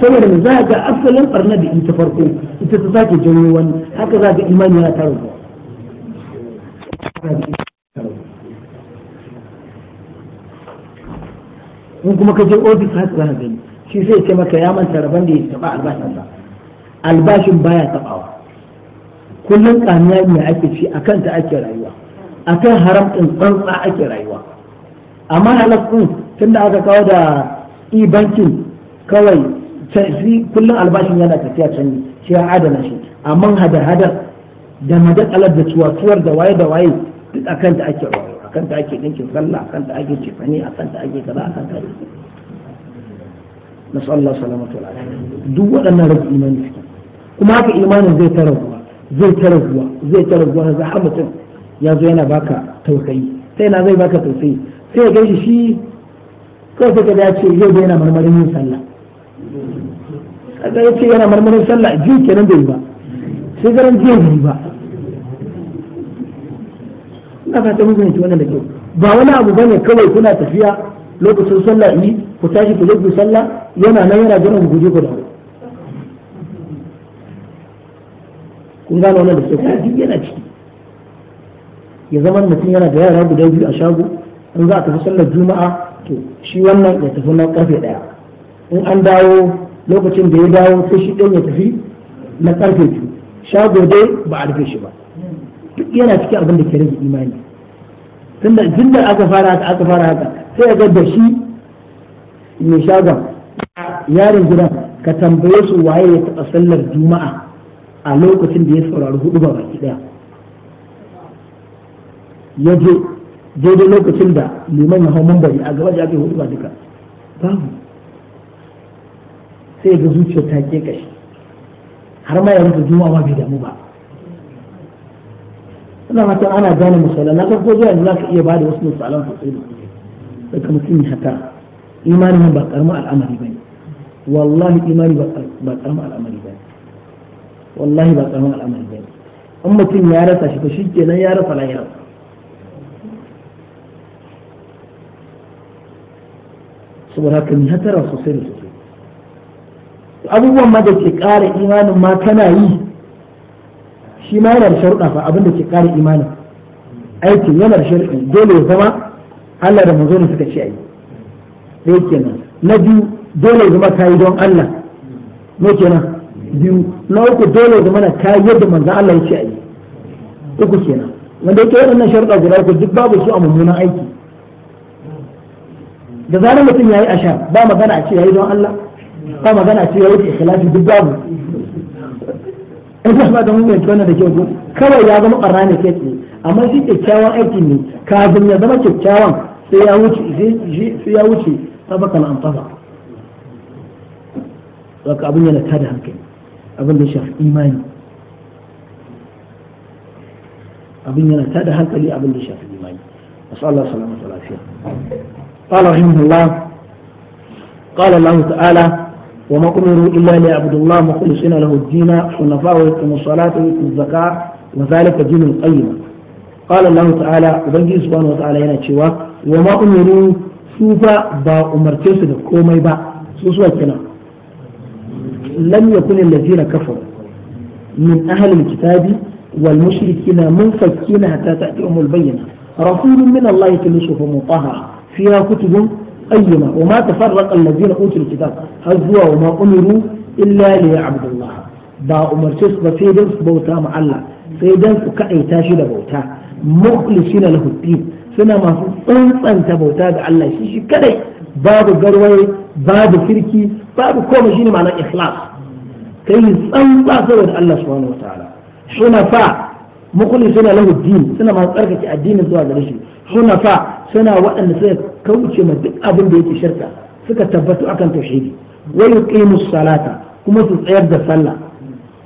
saboda mu za ga asalin farna da ita farko ita ta sake janyo wani haka za ga imani ya taro in kuma ka je ofis haka zana gani shi sai ce maka ya manta rabon da ya taɓa albashin ba albashin baya tabawa kullum kamiya ne ake ci a kanta ake rayuwa A kan haram ɗin tsantsa ake rayuwa amma ɗin tun da aka kawo da e-banking kawai shi kullum albashin yana tafiya can shi ya adana shi amma hada-hadar da madakalar da cuwatuwar da waye da waye duk a kanta ake rayuwa akan ta ake dinkin sallah a ta ake cefani a ta ake kaza a ta na sallah Allah salamatu wa duk waɗannan rabu imani suke kuma haka imanin zai tara ruwa zai tara ruwa zai tara ruwa za har mutum ya zo yana baka tausayi sai na zai baka tausayi sai ya gaishe shi kawai sai ka da ce yau da yana marmarin yin sallah kaga ya ce yana marmarin sallah nan kenan bai ba sai garan jiya bai ba ina fata mun fahimci wannan da kyau ba wani abu bane kawai kuna tafiya lokacin sallah yi ku tashi ku je sallah yana nan yana jiran ku guje ku da kun gano wannan da kyau kuma duk yana ciki ya zama mutum yana da yara guda biyu a shago in za a tafi sallar juma'a to shi wannan ya tafi na karfe daya in an dawo lokacin da ya dawo sai shi ɗan ya tafi na karfe biyu shago dai ba a rufe shi ba duk yana cikin abin da ke rage imani tunda jin da aka fara haka aka fara haka sai ga da shi mai shagon yaron gidan ka tambaye su waye ya taɓa sallar juma'a a lokacin da ya saurari hudu ba baki daya ya je daidai lokacin da liman ya hau mambari a gaba ya hudu ba duka babu sai ga zuciya ta ke kashi har ma ya rufe juma'a ma bai damu ba ina fatan ana gane misalai na farko zuwa yanzu zaka iya bada wasu misalan sosai da sosai daga mutum ya haka imanin ba karamin al'amari bane wallahi imani ba karamin al'amari bane wallahi ba karamin al'amari bane an mutum ya rasa shi ba shi kenan ya rasa lahira saboda haka ni hatara sosai da sosai abubuwan ma da ke ƙara imanin ma kana yi shi ma yana da sharuɗa fa abinda ke kare imanin aikin yana da sharuɗi dole ya zama Allah da manzo ne suka ce ayi ɗaya kenan na biyu dole ya zama kayi don Allah ne kenan biyu na uku dole ya zama na kayi yadda manzo Allah ya ce ayi uku kenan wanda yake waɗannan sharuɗa guda uku duk babu su a mummunan aiki da zarar mutum ya yi asha ba magana a ce ya yi don Allah ba magana a ce ya yi ikhlasi duk babu in ba da mun wannan da kyau kawai ya zama barna ne kai tsaye amma shi kyakkyawan aiki ne kafin ya zama kyakkyawan sai ya wuce sai ya wuce sabaka na abin yana tada hankali abin da shafi imani abin yana tada hankali abin da shafi imani Allah lafiya وما أمروا إلا ليعبدوا الله مخلصين له الدين حنفاء ويقيموا الصلاة ويؤتوا الزكاة وذلك دين القيم قال الله تعالى وبنجي سبحانه وتعالى هنا cewa وما أمروا su fa ba umarce su da komai ba su suwa kenan lam yakun allazina kafaru min ahli kitabi. wal mushrikina munfakina hatta ta'tihum albayyina rasulun min allahi tulusuhu mutahhara fiha kutubun qayyima wa ma tafarraqa allazina utul kitab har zuwa wa ma umiru illa liya'budullah ba umarce su ba sai dan su bauta ma Allah sai dan su kadaita shi da bauta mukhlisina lahu din suna masu tsantsanta bauta ga Allah shi shi kadai babu garwaye babu kirki babu komai shine ma'anar ikhlas saboda Allah subhanahu wataala hunafa mukhlisina lahu din suna masu tsarkake addinin zuwa gare shi hunafa suna waɗanda suka kauce ma duk abin da yake shirka suka tabbatu akan tauhidi wa yuqimu salata kuma su tsayar da sallah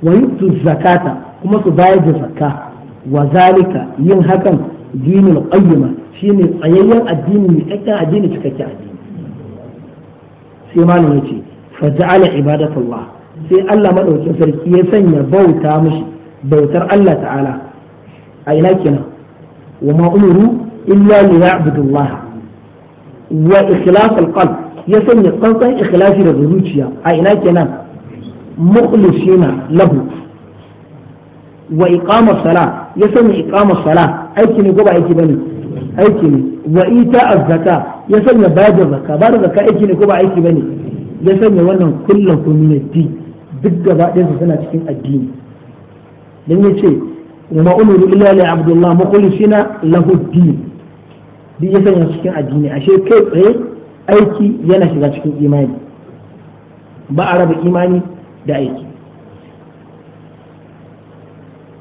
wa yutu zakata kuma su bayar da zakka wa zalika yin hakan dinul qayyima shine tsayayyen addini mai kakkan addini cikakken addini sai malam yace fa ja'ala ibadatullah sai Allah madaukakin sarki ya sanya bauta mushi bautar Allah ta'ala a ina kenan wa ma illa liya'budullaha wa ikhlas ya sanya tsantsan ikhlasi daga zuciya a ina kenan mukhlisina lahu wa iqamar sala ya sanya iqamar sala aiki ne ko ba aiki bane aiki ne wa ita az ya sanya bada zakka bada zakka aiki ne ko ba aiki bane ya sanya wannan kullum community duk gaba ɗayan su suna cikin addini dan yace wa ma'amuru illa duk ya sanya cikin addini ashe kai tsaye aiki yana shiga cikin imani ba a raba imani da aiki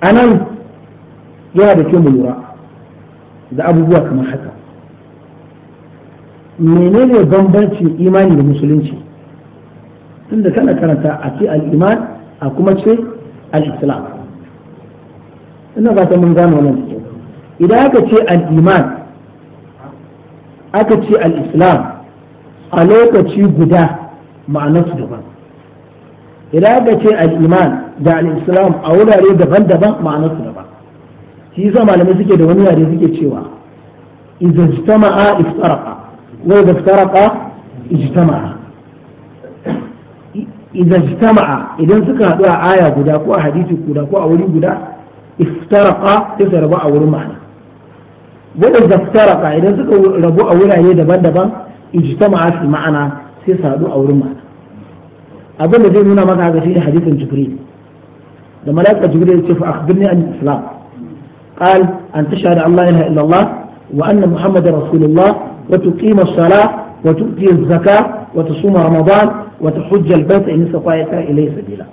A nan yana da kyau mu lura da abubuwa kamar haka menene bambancin imani da musulunci da kana karanta a ce al'iman a kuma ce al'islam ina ba ta mun gano wannan idan aka ce al'iman aka ce al-islam a lokaci guda ma'anarsu daban idan aka ce al-iman da al-islam a wurare daban-daban ma'anarsu daban shi yasa malamai suke da wani yare suke cewa idza ijtama'a iftaraqa wa idza iftaraqa ijtama'a jita ijtama'a idan suka haɗu a aya guda ko a hadisi guda ko a wuri guda iftaraqa sai su rabu a wurin ma'ana daftara zaftaraka idan suka rabu a wurare daban-daban ijtama'a fi ma'ana sai sa hadu a wurin ma'ana abin da zai nuna maka haka shine hadisin jibril da malaika jibril ce fa akhbirni an islam qal an tashhadu an la ilaha illa allah wa anna muhammadar rasulullah wa tuqima as-salah wa tu'ti az-zakah wa tasuma ramadan wa tahujja al-bayt in istata'a ilayhi sabila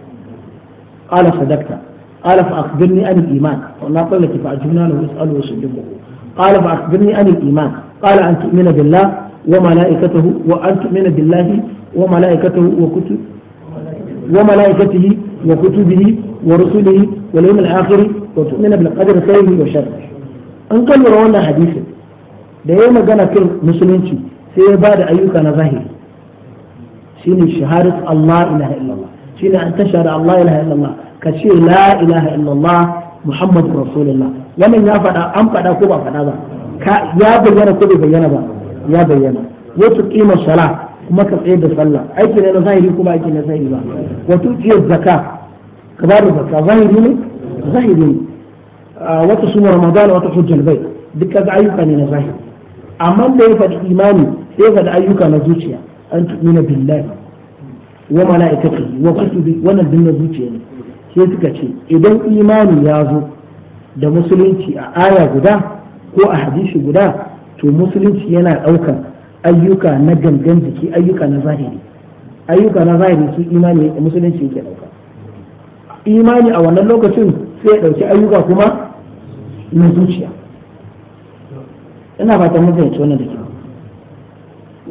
qala sadaqta قال فأخبرني عن الإيمان فأنا قال لك فأجبنا له واسأله وسلمه قال فأخبرني عن الإيمان قال أن تؤمن بالله وملائكته وأن تؤمن بالله وملائكته وكتب وملائكته وكتبه ورسله واليوم الآخر وتؤمن بالقدر خيره وشره أن قال روانا حديثا da ya magana kan musulunci sai ya ba da ayyuka na zahiri shine shahadat Allah ilaha illallah shine an tashhadu Allah ilaha illallah ka ce la ilaha illallah muhammadu rasulullah wannan ya faɗa an faɗa ko ba faɗa ba ya bayyana ko bai bayyana ba ya bayyana ya tuqima salah kuma ka tsaye da sallah aiki ne na zahiri kuma aiki na zahiri ba wato tuqiyar zakka ka ba da zakka zahiri ne zahiri ne wata suma ramadan wata hujjal bai duka da ayyuka ne na zahiri amma da ya faɗi imani sai faɗi ayyuka na zuciya an tuɓi tu'mina billahi wa mala'ikatihi wa kutubi wannan din na zuciya ne sai suka ce idan imani ya zo da musulunci a aya guda ko a hadisi guda to musulunci yana ɗaukar ayyuka na gangan jiki ayyuka na zahiri ayyuka na zahiri su imani musulunci yake ɗauka imani a wannan lokacin sai ya ɗauki ayyuka kuma na zuciya ina fata mun fahimci wannan da kyau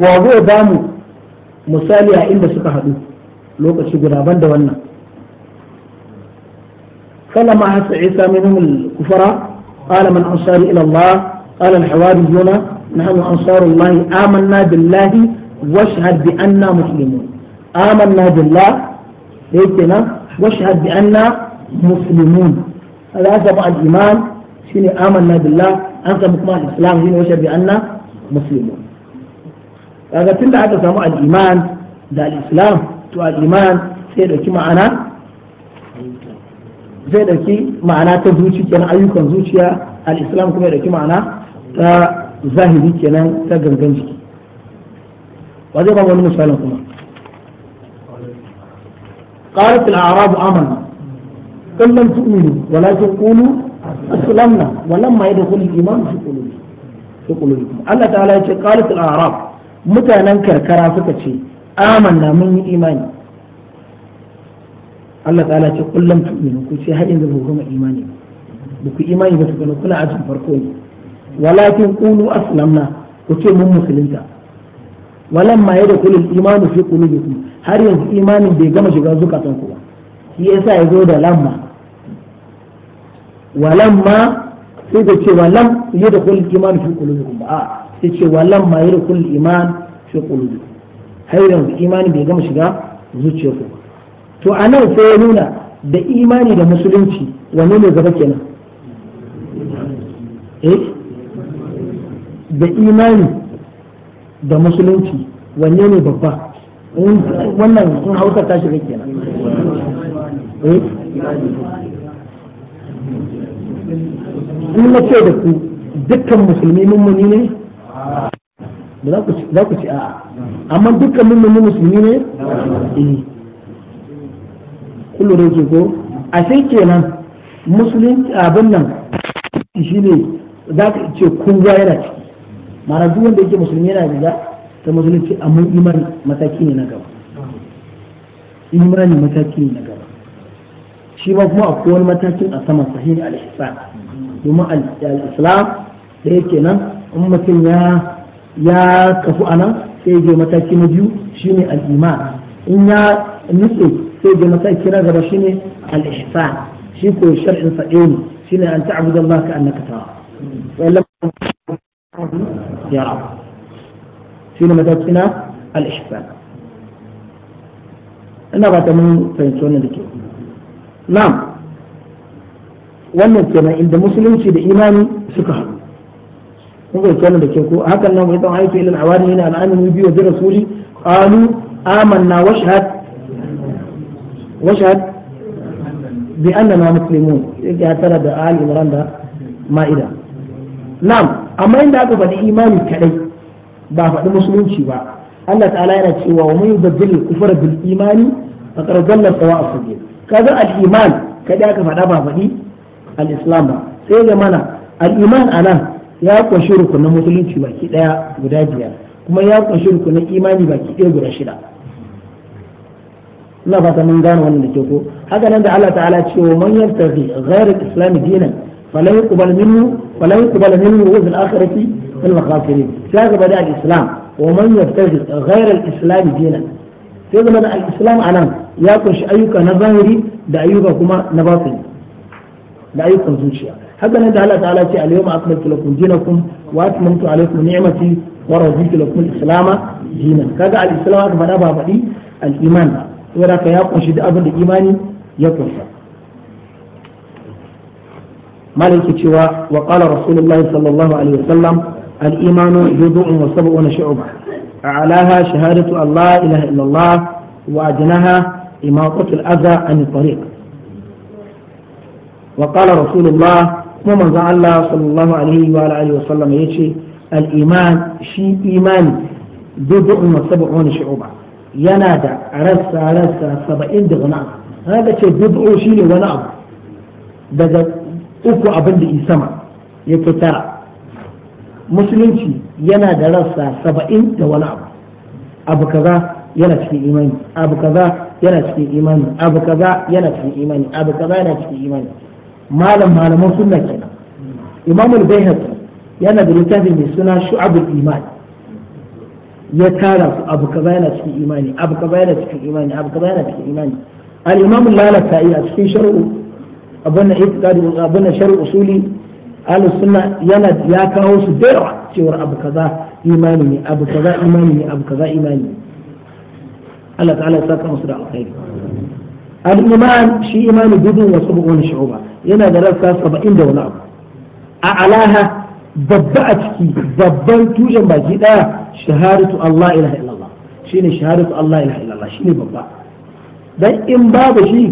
wa zai ba mu misali a inda suka haɗu lokaci guda ban da wannan فلما حس عيسى منهم الكفراء قال من أنصاري إلى الله قال الحواريون نحن أنصار الله آمنا بالله واشهد بأننا مسلمون آمنا بالله ليتنا واشهد بأننا مسلمون هذا أسمع الإيمان شيني آمنا بالله أنت مقمع الإسلام شيني واشهد بأننا مسلمون هذا تلا هذا سمع الإيمان ده الإسلام تو الإيمان سيدو كما أنا zai ɗauki ma'ana ta zuci kenan ayyukan zuciya al'islam kuma ya ɗauki ma'ana ta zahiri kenan ta gangan jiki wa zai ba wani misalin kuma قالت الأعراب آمنا قل لم تؤمنوا ولكن قولوا أسلمنا ولما يدخل الإيمان في قلوبكم في قلوبكم الله تعالى قالت الأعراب متى ننكر كرافة آمنا من إيماني Allah ta'ala ce kullum tu'minu ku sai har yanzu ba goma imani ba ku imani ba tukuna kuna ajin farko ne walakin qulu aslamna ku ce mun musulunta walam ma yadkhulu al-imanu fi qulubikum har yanzu imanin bai gama shiga zukatan ku ba shi yasa ya zo da lamma ma sai da ce walam yadkhulu al-imanu fi qulubikum ba sai ce walam ma yadkhulu al-iman fi qulubikum har yanzu imanin bai gama shiga zuciyarku to a nan sai ya nuna da imani da musulunci wanne ne gaba kenan eh da imani da musulunci wanne ne babba wannan sun hausa ta shiga kenan eh in na ce da ku dukkan musulmi mummuni ne za ku ci a'a amma dukkan mummuni musulmi ne eh kullu da ke a sai kenan musulunci abin nan shi ne za ka ce kowa yana ciki ma'ana duk wanda yake musulmi yana riga ta musulunci amma imani mataki ne na gaba imani mataki ne na gaba shi ma kuma akwai wani matakin a saman sahihi al-ihsan domin al-islam da yake nan in mutum ya ya kafu anan sai ya je mataki na biyu shine al-iman in ya nufi sai ga masa kira gaba shine al-ihsan shi ko shar'in sa ne shine an ta'budu Allah ka annaka tara wa lam yara shine matakina al-ihsan ina ba ta mun fahimci wannan dake na'am wannan kenan inda musulunci da imani suka haɗu kun ga kenan da ke ko hakan nan wai dan aiki ilal awani ne an aminu bi wa bi rasuli qalu amanna washhad واشهد بأننا مسلمون يا ترى da آل عمران ده مائدة نعم أما إن أكو بدي إيماني كلي faɗi musulunci ba Allah ta'ala yana cewa wa mai baddil kufar bil imani faqad dalla sawa as kaga al iman kada aka faɗa ba faɗi al'islam ba sai da mana al a nan ya kunshi rukunin musulunci baki ɗaya guda biyar kuma ya kunshi rukunin imani baki ɗaya guda shida ina fata mun gane wannan da ke ko haka nan da Allah ta'ala ce wa man yabtaghi ghayra al-islam dinan falan yuqbal minhu falan yuqbal minhu wa fil akhirati fil khasirin sai ga bada al-islam wa man yabtaghi ghayra al-islam dinan sai ga bada al-islam anan ya kunshi ayyuka na zahiri da ayyuka kuma na batini da ayyukan zuciya haka nan da Allah ta'ala ce al-yawma akmaltu lakum dinakum wa atmamtu alaykum ni'mati wa raditu lakum al-islam dinan kaga al-islam aka faɗa ba faɗi al-iman saboda ya kunshi abin da imani ya kunsa malinki cewa wa qala rasulullah sallallahu alaihi wasallam al-imanu judu'un wa sab'una shu'ba a'alaha shahadatu allah ilaha illallah wa ajnaha imaqatu al-adha an at-tariq wa kuma manzo allah sallallahu alaihi wa alihi wasallam yace al-iman shi imani judu'un wa sab'una shu'ba yana da rassa rassa saba'in da wani abu haka ce bid'u shi ne wani abu daga uku abin da isama ya ke tara musulunci yana da rassa saba'in da wani abu abu kaza yana cikin imani abu kaza yana cikin imani abu kaza yana cikin imani abu kaza yana cikin imani malam malaman sunna kenan imamul bayhaqi yana da littafi mai suna shu'abul iman ya tara su abu kaza yana cikin imani abu kaza yana cikin imani abu kaza yana cikin imani al-imam a cikin shar'u abun da iqtadi abun da shar'u usuli al-sunna yana ya kawo su da yawa cewa abu kaza imani ne abu kaza imani ne abu kaza imani Allah ta'ala ya saka musu da alkhairi al-iman shi imani bidun wa sab'un shu'ba yana da rassa 70 da wani abu a alaha babba a ciki babban tushen baki daya shahadatu Allah ilaha illallah shine shahadatu Allah ilaha illallah shine babba dan in babu shi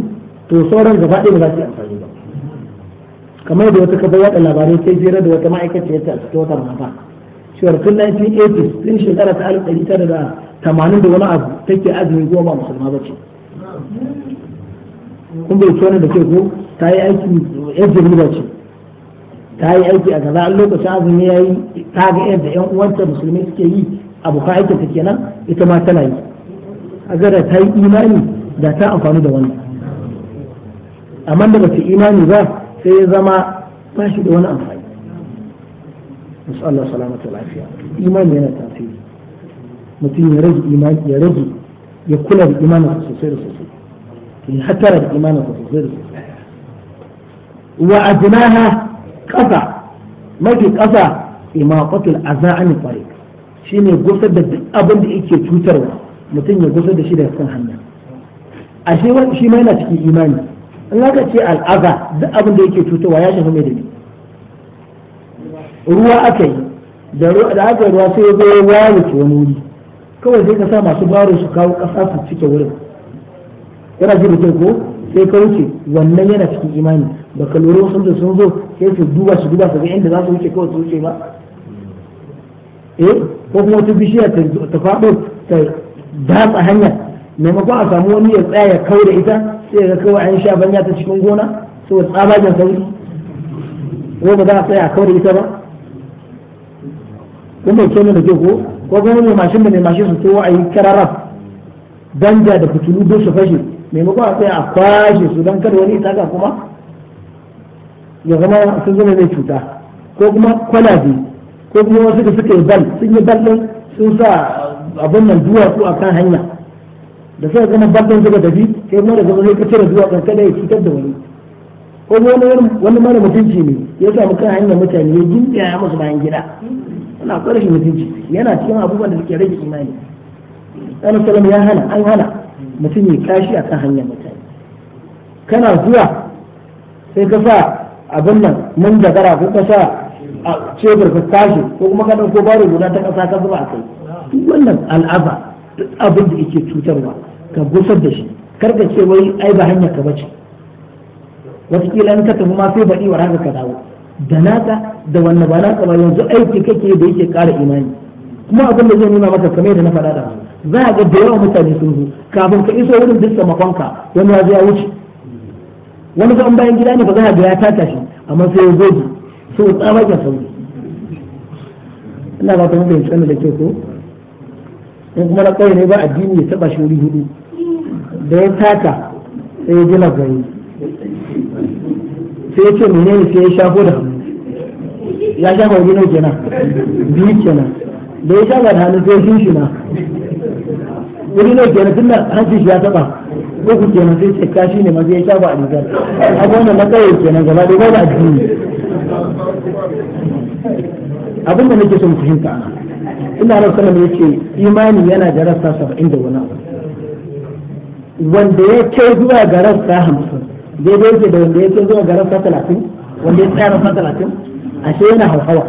to sauran gaba ɗaya ba za su yi amfani ba kamar da wata kafa yada labarai sai jira da wata ma'aikaciya ta cikin wata mata cewar tun 1980 tun shekara ta 1980 da tamanin da wani abu take azumi goma ba musulma ba ce kun bai tsoron da ke ko ta yi aiki yan ba ce ta yi aiki a kaza an lokacin azumi ya yi ta ga yadda yan uwanta musulmi suke yi abokan aikin ta kenan ita ma tana yi a ta yi imani da ta amfani da wani amma da bata imani ba sai ya zama ba shi da wani amfani masu Allah salamata lafiya imani yana tasiri mutum ya rage imani ya rage ya kula da imaninsa sosai da sosai ya hatara da imaninsa sosai da sosai wa adnaha ƙasa mafi ƙasa imaqatul aza'an tariq shine gusar da duk abin da yake cutarwa mutum ya gusar da shi daga kan a ashe wani shi ma yana cikin imani in aka ce al'aza duk abin da yake cutarwa ya shafi mai da ni ruwa aka yi da aka ruwa sai ya zo ya ke wani wuri kawai sai ka sa masu baro su kawo ƙasa su cike wurin yana jin ko sai ka wuce wannan yana cikin imani ba ka lura wasu da sun zo sai su duba su duba su ga inda za su wuce kawai su wuce ba eh ko kuma wata bishiya ta faɗo ta datsa hanya maimakon a samu wani ya tsaya ya kawo da ita sai ga kawai an sha banya ta cikin gona saboda tsabagen sauki ko ba za a tsaya a kawo da ita ba kuma ne mana ke ko ko kuma mai mashin da mai mashin su towa a yi kararraf danja da fitilu don su fashe maimakon a tsaya a kwashe su don kada wani ita ga kuma ya zama sun zama mai cuta ko kuma kwalabe ko kuma wasu da suka yi bal sun yi bal din sun sa abin nan duwatsu a kan hanya da suka gama bal din suka tafi sai kuma da zama da cire kan kada ya cutar da wani ko wani wani mara mutunci ne ya samu kan hanyar mutane ya jindiya ya musu bayan gida ana akwai shi mutunci yana cikin abubuwan da suke rage imani ɗan salam ya hana an hana mutum ya kashi a kan hanyar mutane kana zuwa sai ka sa abin nan mun da ko kasa a cebur ka kashe ko kuma ka ɗauko baro guda ta kasa ka zuba a kai wannan al'aba duk abin da yake cutarwa ka gusar da shi kar ka ce wai ai ba hanyar ka bace wataƙila in ka tafi ma sai baɗi wa haka ka dawo da naka da wannan ba naka ba yanzu aiki kake da yake ƙara imani kuma abin da zai nuna maka kamar da na faɗa da za a ga da yawan mutane sun zo kafin ka iso wurin duk samakonka wani ya wuce wani ga bayan gida ne ba za a ga ya taka shi amma sai ya goge so tsaba ga sauri ina ba ta mafi yanzu da ke ko in kuma na kawai ne ba addini ya taba shi wuri hudu da ya taka sai ya gina gari sai ya ce menene sai ya shafo da hannu ya shafa wani nau kenan biyu kenan da ya shafa da hannu sai ya shi na wani nau kenan tun da hancin shi ya taba uku kenan sai ce kashi ne ma ya sha ba a rigar a wannan na kai kenan gaba da wani addini abin da nake son fahimta ana ina nan sallama ce imani yana da rasa saba'in da wani abu wanda ya kai zuwa ga hamsin 50 daidai yake da wanda ya kai zuwa ga rasa talatin wanda ya tsaya rasa talatin ashe yana hauhawa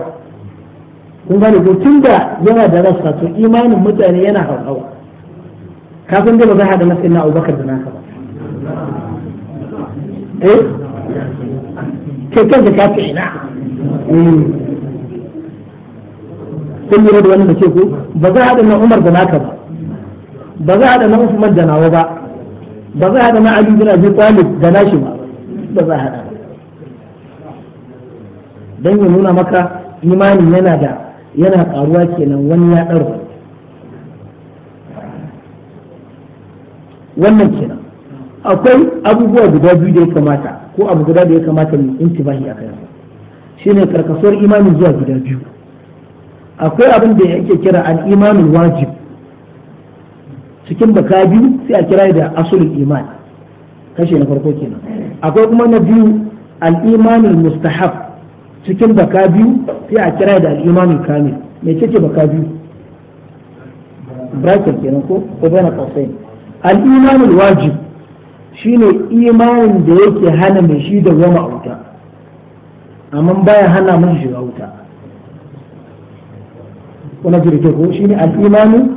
kun gane ko da yana da rasa to imanin mutane yana hauhawa ka san dai ba za a da na sayyidina abubakar da naka ba eh kai da ka ce ina sun eh. lura da wani da ce ku ba za a da na umar da naka ba ba za a da na usman da nawa ba ba za a da na ali bin talib da nashi ba ba za a da don ya nuna maka imanin yana da yana karuwa kenan wani ya ɗarwa wannan kenan akwai abubuwa guda biyu da ya kamata ko abu guda da ya kamata mu intibahi a kansa shine karkasuwar imani zuwa guda biyu akwai abin da yake kira al imanul wajib cikin baka biyu sai a kira da asulul iman kashe na farko kenan akwai kuma na biyu al imanul mustahab cikin baka biyu sai a kira da al imanul kamil me ce baka biyu bracket kenan ko ko bana qausain al'imanul wajib shine imanin da yake hana mai shi da goma a wuta amma baya hana mashi shiga wuta wani jirage ko shine al'imanu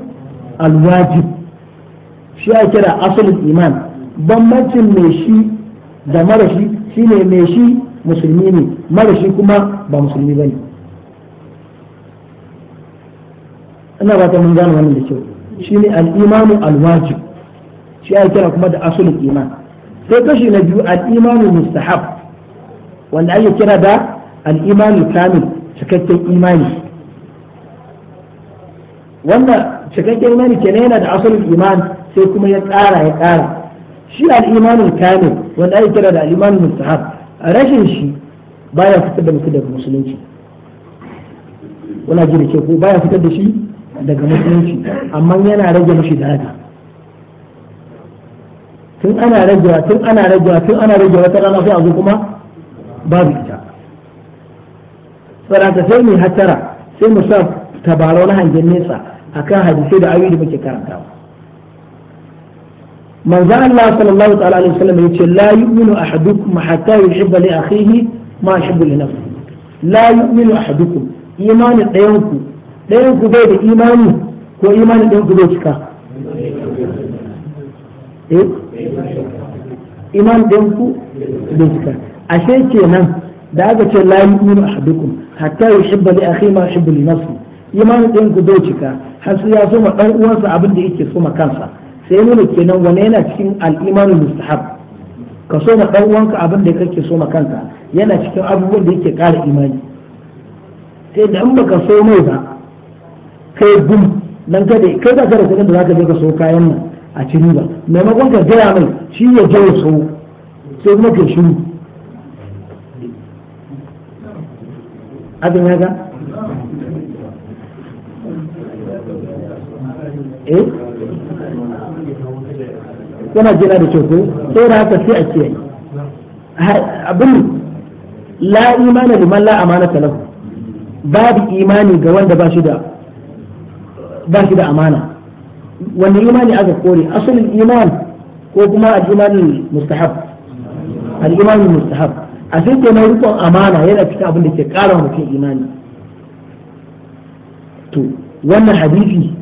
alwajib shi a kira asalin iman bambancin mai shi da mara shi shine mai shi musulmi ne mara shi kuma ba musulmi ba ina ba ta mun gane wannan da kyau shine al'imanu alwajib shi ya kira kuma da asulul iman sai kashi na biyu al-imanul mustahab wanda ake kira da al-imanul kamil cikakken imani wanda cikakken imani kenan yana da asulul iman sai kuma ya ƙara ya ƙara shi al-imanul kamil wanda ake kira da al-imanul mustahab rashin shi baya fitar da mutum daga musulunci wani ji da ke ko baya fitar da shi daga musulunci amma yana rage mashi daraja tun ana rajewa tun ana rajewa tun ana rajewa wata rana sai a zo kuma babu ita saboda sai mai hatara sai mu sa tabarau na hangen nesa kan hadisai da ayyuka muke karantawa manzo Allah sallallahu ta'ala alaihi wasallam yace la yu'minu ahadukum hatta yuhibba li akhihi ma yuhibbu li nafsihi la yu'minu ahadukum imani dayanku dayanku, bai da imani ko imani dayanku bai cika eh iman din ku biska ashe kenan da aka ce la yu'minu ahadukum hatta yuhibba li akhihi ma yuhibbu li nafsihi iman din ku bai cika har sai ya so ma dan uwansa abin da yake so ma kansa sai nuna kenan wane yana cikin al mustahab ka so ma dan uwanka abin da kake so ma kanka yana cikin abubuwan da yake ƙara imani sai da in baka so mai ba kai gum dan kada kai ba ka da kudin da zaka je ka so kayan nan a cikin ba maimakon ka gaya mai shi ya je ya sau sai kuma ke shiru abin ya ga eh kuna jira da kyau sai da haka sai a yi, abin la na liman la amanata lahu babu imani ga wanda ba shi da amana wani imani aka kore asalin iman ko kuma al'imanin mustahab al'imanin imanin mustahab a sai ke mai rikon amana yana cikin abin da ke kara mutum imani to wannan hadisi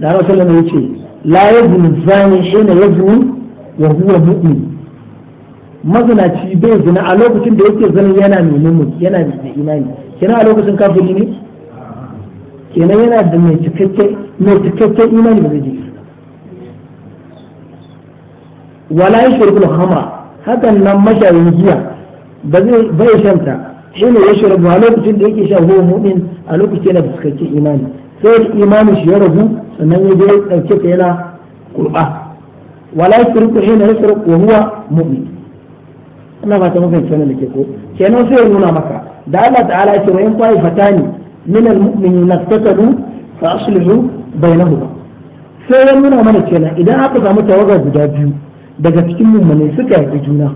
da rasulullah ya yace la yazni zani hina yazni wa huwa mu'min mazinaci bai zina a lokacin da yake zanin yana mai yana da imani kina a lokacin kafiri ne kenan yana da mai cikakken imani ba zai je wala yashrabu hama hakan nan mashayin giya ba zai bai shanta shine yashrabu a lokacin da yake sha huwa mu'min a lokacin da cikakken imani sai imani shi ya rabu sannan ya je dauke ka yana kurba wala yashrabu ya yashrabu wa huwa mu'min ina ba ta mafi sanin da ke ko kenan sai ya nuna maka da Allah ta'ala ya ce wa in ta'ifata ne من المؤمنين اقتتلوا فأصلحوا بينهما sai ya nuna mana kenan idan aka samu tawaga guda biyu daga cikin mummune suka haifi juna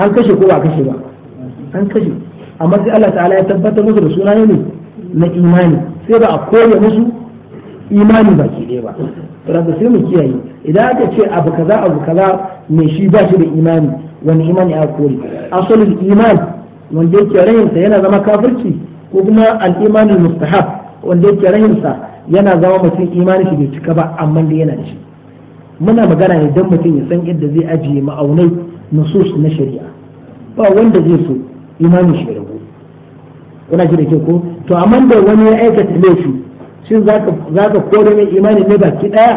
an kashe ko ba kashe ba an kashe amma sai Allah ta'ala ya tabbatar musu da suna ne na imani sai ba a koya musu imani ba ke ɗaya ba saboda sai mu kiyaye idan aka ce abu kaza abu kaza ne shi ba shi da imani wani imani a asalin iman wanda yake rayinsa yana zama kafirci ko kuma al mustahab wanda yake rahinsa yana zama mutum imanin shi bai cika ba amma dai yana da shi muna magana ne don mutum ya san yadda zai ajiye ma'aunai nusus na shari'a ba wanda zai so imanin shi rago kuna shi da ke ko to amma da wani ya aikata laifi shin za ka kore mai imanin ne baki daya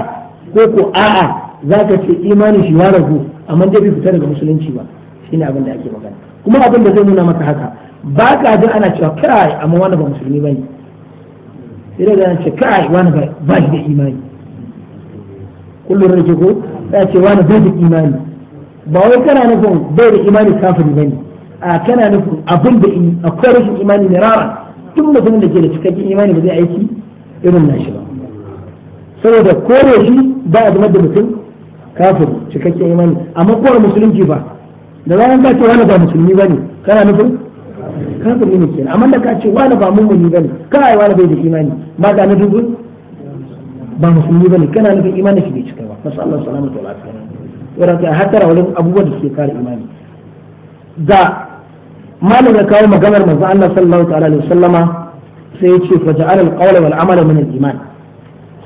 ko ko a'a za ka ce imanin shi ya ragu amma dai bai fita daga musulunci ba shine abin da ake magana kuma abin da zai nuna maka haka ba ka jin ana cewa kai amma wani ba musulmi bane sai da ce kai wani ba shi da imani kullum rage ko ya ce wani bai da imani ba wai kana nufin bai da imani kafiri bane a kana nufin abin da akwai rashin imani ne rara tun mutumin da ke da cikakken imani ba zai aiki irin nashi ba saboda kore shi ba a zama da mutum kafin cikakken imani amma kore musulunci ba da zaran ka ce wani ba musulmi ba ne kana nufin ka ga mini kenan amma da ka ce wani ba mummuni bane kai wani bai da imani ba, ga na dubu ba musulmi bane kana nufin imani shi bai cika ba masu Allah salamatu wa lafiya wurin ka hatara wani abubuwan da suke kare imani ga malam ya kawo maganar manzo Allah sallallahu ta'ala alaihi wasallama sai ya ce fa ja'ala al-qawla wal amala min al-iman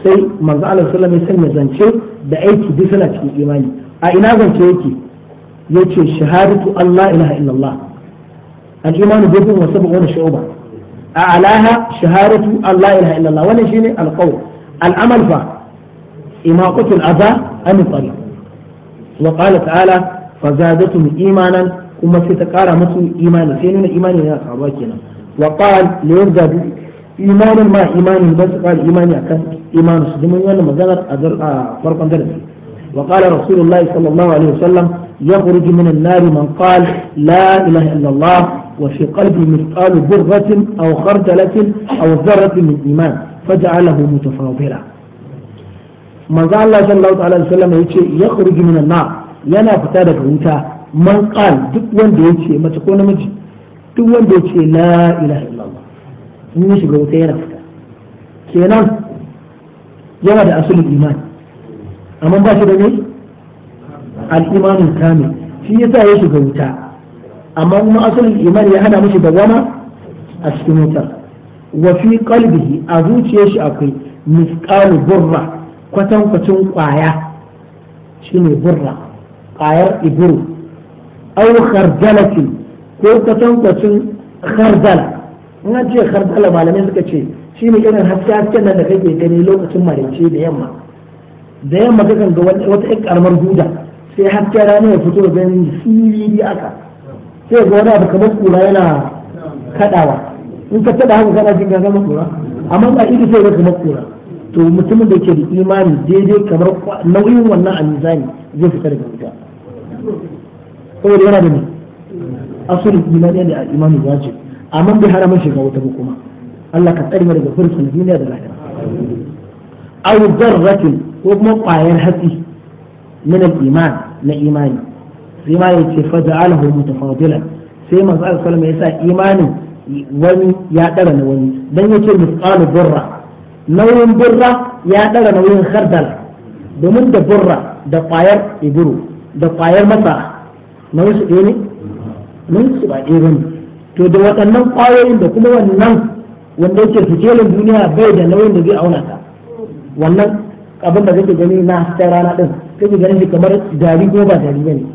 sai manzo Allah sallallahu alaihi wasallam ya zance da aiki duk suna cikin imani a ina zance yake yace shahadatu Allah ilaha illallah al-imanu na wa sab'una shu'ba a'laha shahadatu Allah ilaha illallah wannan shine al-qawl al-amal fa imaqatu al-adha an tariq wa qala ta'ala fazadatum imanan kuma sai ta kara musu imani sai nuna imani yana karuwa kenan wa qal li yuzadu imanin ma imanin ba su kara imani akan imani su dimin wannan maganar a farkon darasi wa qala rasulullahi sallallahu alaihi la illallah وفي قلبه مثقال ذرة أو خردلة أو ذرة من إيمان فجعله متفاضلا من قال الله صلى الله عليه وسلم يخرج من النار ينا فتادة وتا من قال دك وان ديتي ما تكون مجي دك وان ديتي لا إله إلا الله إن يشبه وتا ينا فتا كينا ينا ده أصل الإيمان أما باشر الإيمان الكامل في يسا يشبه وتا amma kuma asalin iman ya hana mishi dawama a cikin wutar wa fi a zuciyar shi akwai misqalu burra kwatan kwaya shine burra ƙwayar iburu aw khardalatin ko kwatan kwacin khardal in ce khardala malamai suka ce shine irin haske hasken nan da kake gani lokacin maraice da yamma da yamma kakan ga wata ƙaramar guda sai hasken rana ya fito ganin siriri aka sai ga wani abu kamar kura yana kadawa in ka tada haka kana jin gaza kura amma ba ido sai ga kamar kura to mutumin da ke da imani daidai kamar nauyin wannan a mizani zai fita daga wuta saboda yana da ne asulin imani ne a imani wajib amma bai haramun shiga wata ba kuma Allah ka tsare daga furfin duniya da lahira aw darratin ko kuma ƙwayar hatsi min al-iman na imani sai ma yace faj'alhu mutafadilan sai manzo Allah sallama yasa imanin wani ya dara na wani dan yace misqalu burra nauyin burra ya dara nauyin khardal domin da burra da kwayar iburu da kwayar masa nauyin su ɗaya ne nauyin su ba ɗaya ne. to da waɗannan ƙwayoyin da kuma wannan wanda yake fikelin duniya bai da nauyin da zai auna ta wannan abin da zai kake gani na hasken rana ɗin din kake ganin shi kamar jari ko ba dari ne.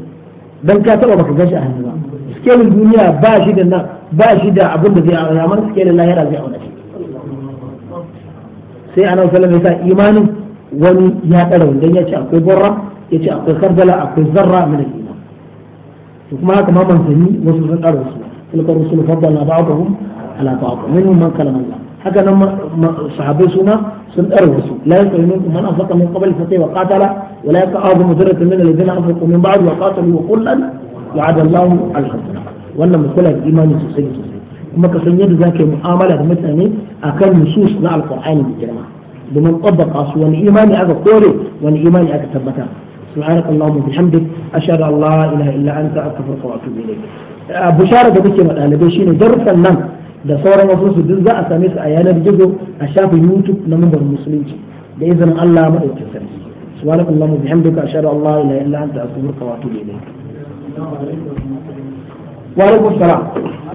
dan ka taba baka gashi a hannu ba skelin duniya ba shi da nan ba shi da abin da zai aure amma skelin lahira zai aure shi sai annabi sallallahu alaihi wasallam imanin wani ya dara wanda ya ce akwai barra ya ce akwai kardala akwai zarra min al-iman to kuma haka ma manzanni wasu sun dara su tilka rusul faddala ba'dahum ala ba'd minhum man kalama Allah haka nan sahabbai su ma sun ɗara wasu la yaka yi minkum man anfaqa min qabl fatai wa qatala wa la yaka a'zamu dharratan min alladhina anfaqu min ba'd wa qatalu wa kullan wa'ada Allahu al-husna wannan matsala da imani sosai sosai kuma ka san yadda zaka yi mu'amala da mutane akan nusus na alqur'ani da girma domin tabbaka su wani imani aka kore wani imani aka tabbata سبحانك اللهم وبحمدك أشهد أن لا إله إلا أنت أستغفرك وأتوب إليك بشارة بك يا ɗalibai shine darussan nan da sauran wasu duk za a same su a yanar gizo a shafin youtube na mambar musulunci da izinin allah maɗaukin sarki subhanak allahumma bihamdika ashhadu an la ilaha illa anta astaghfiruka wa atubu ilayk wa alaikum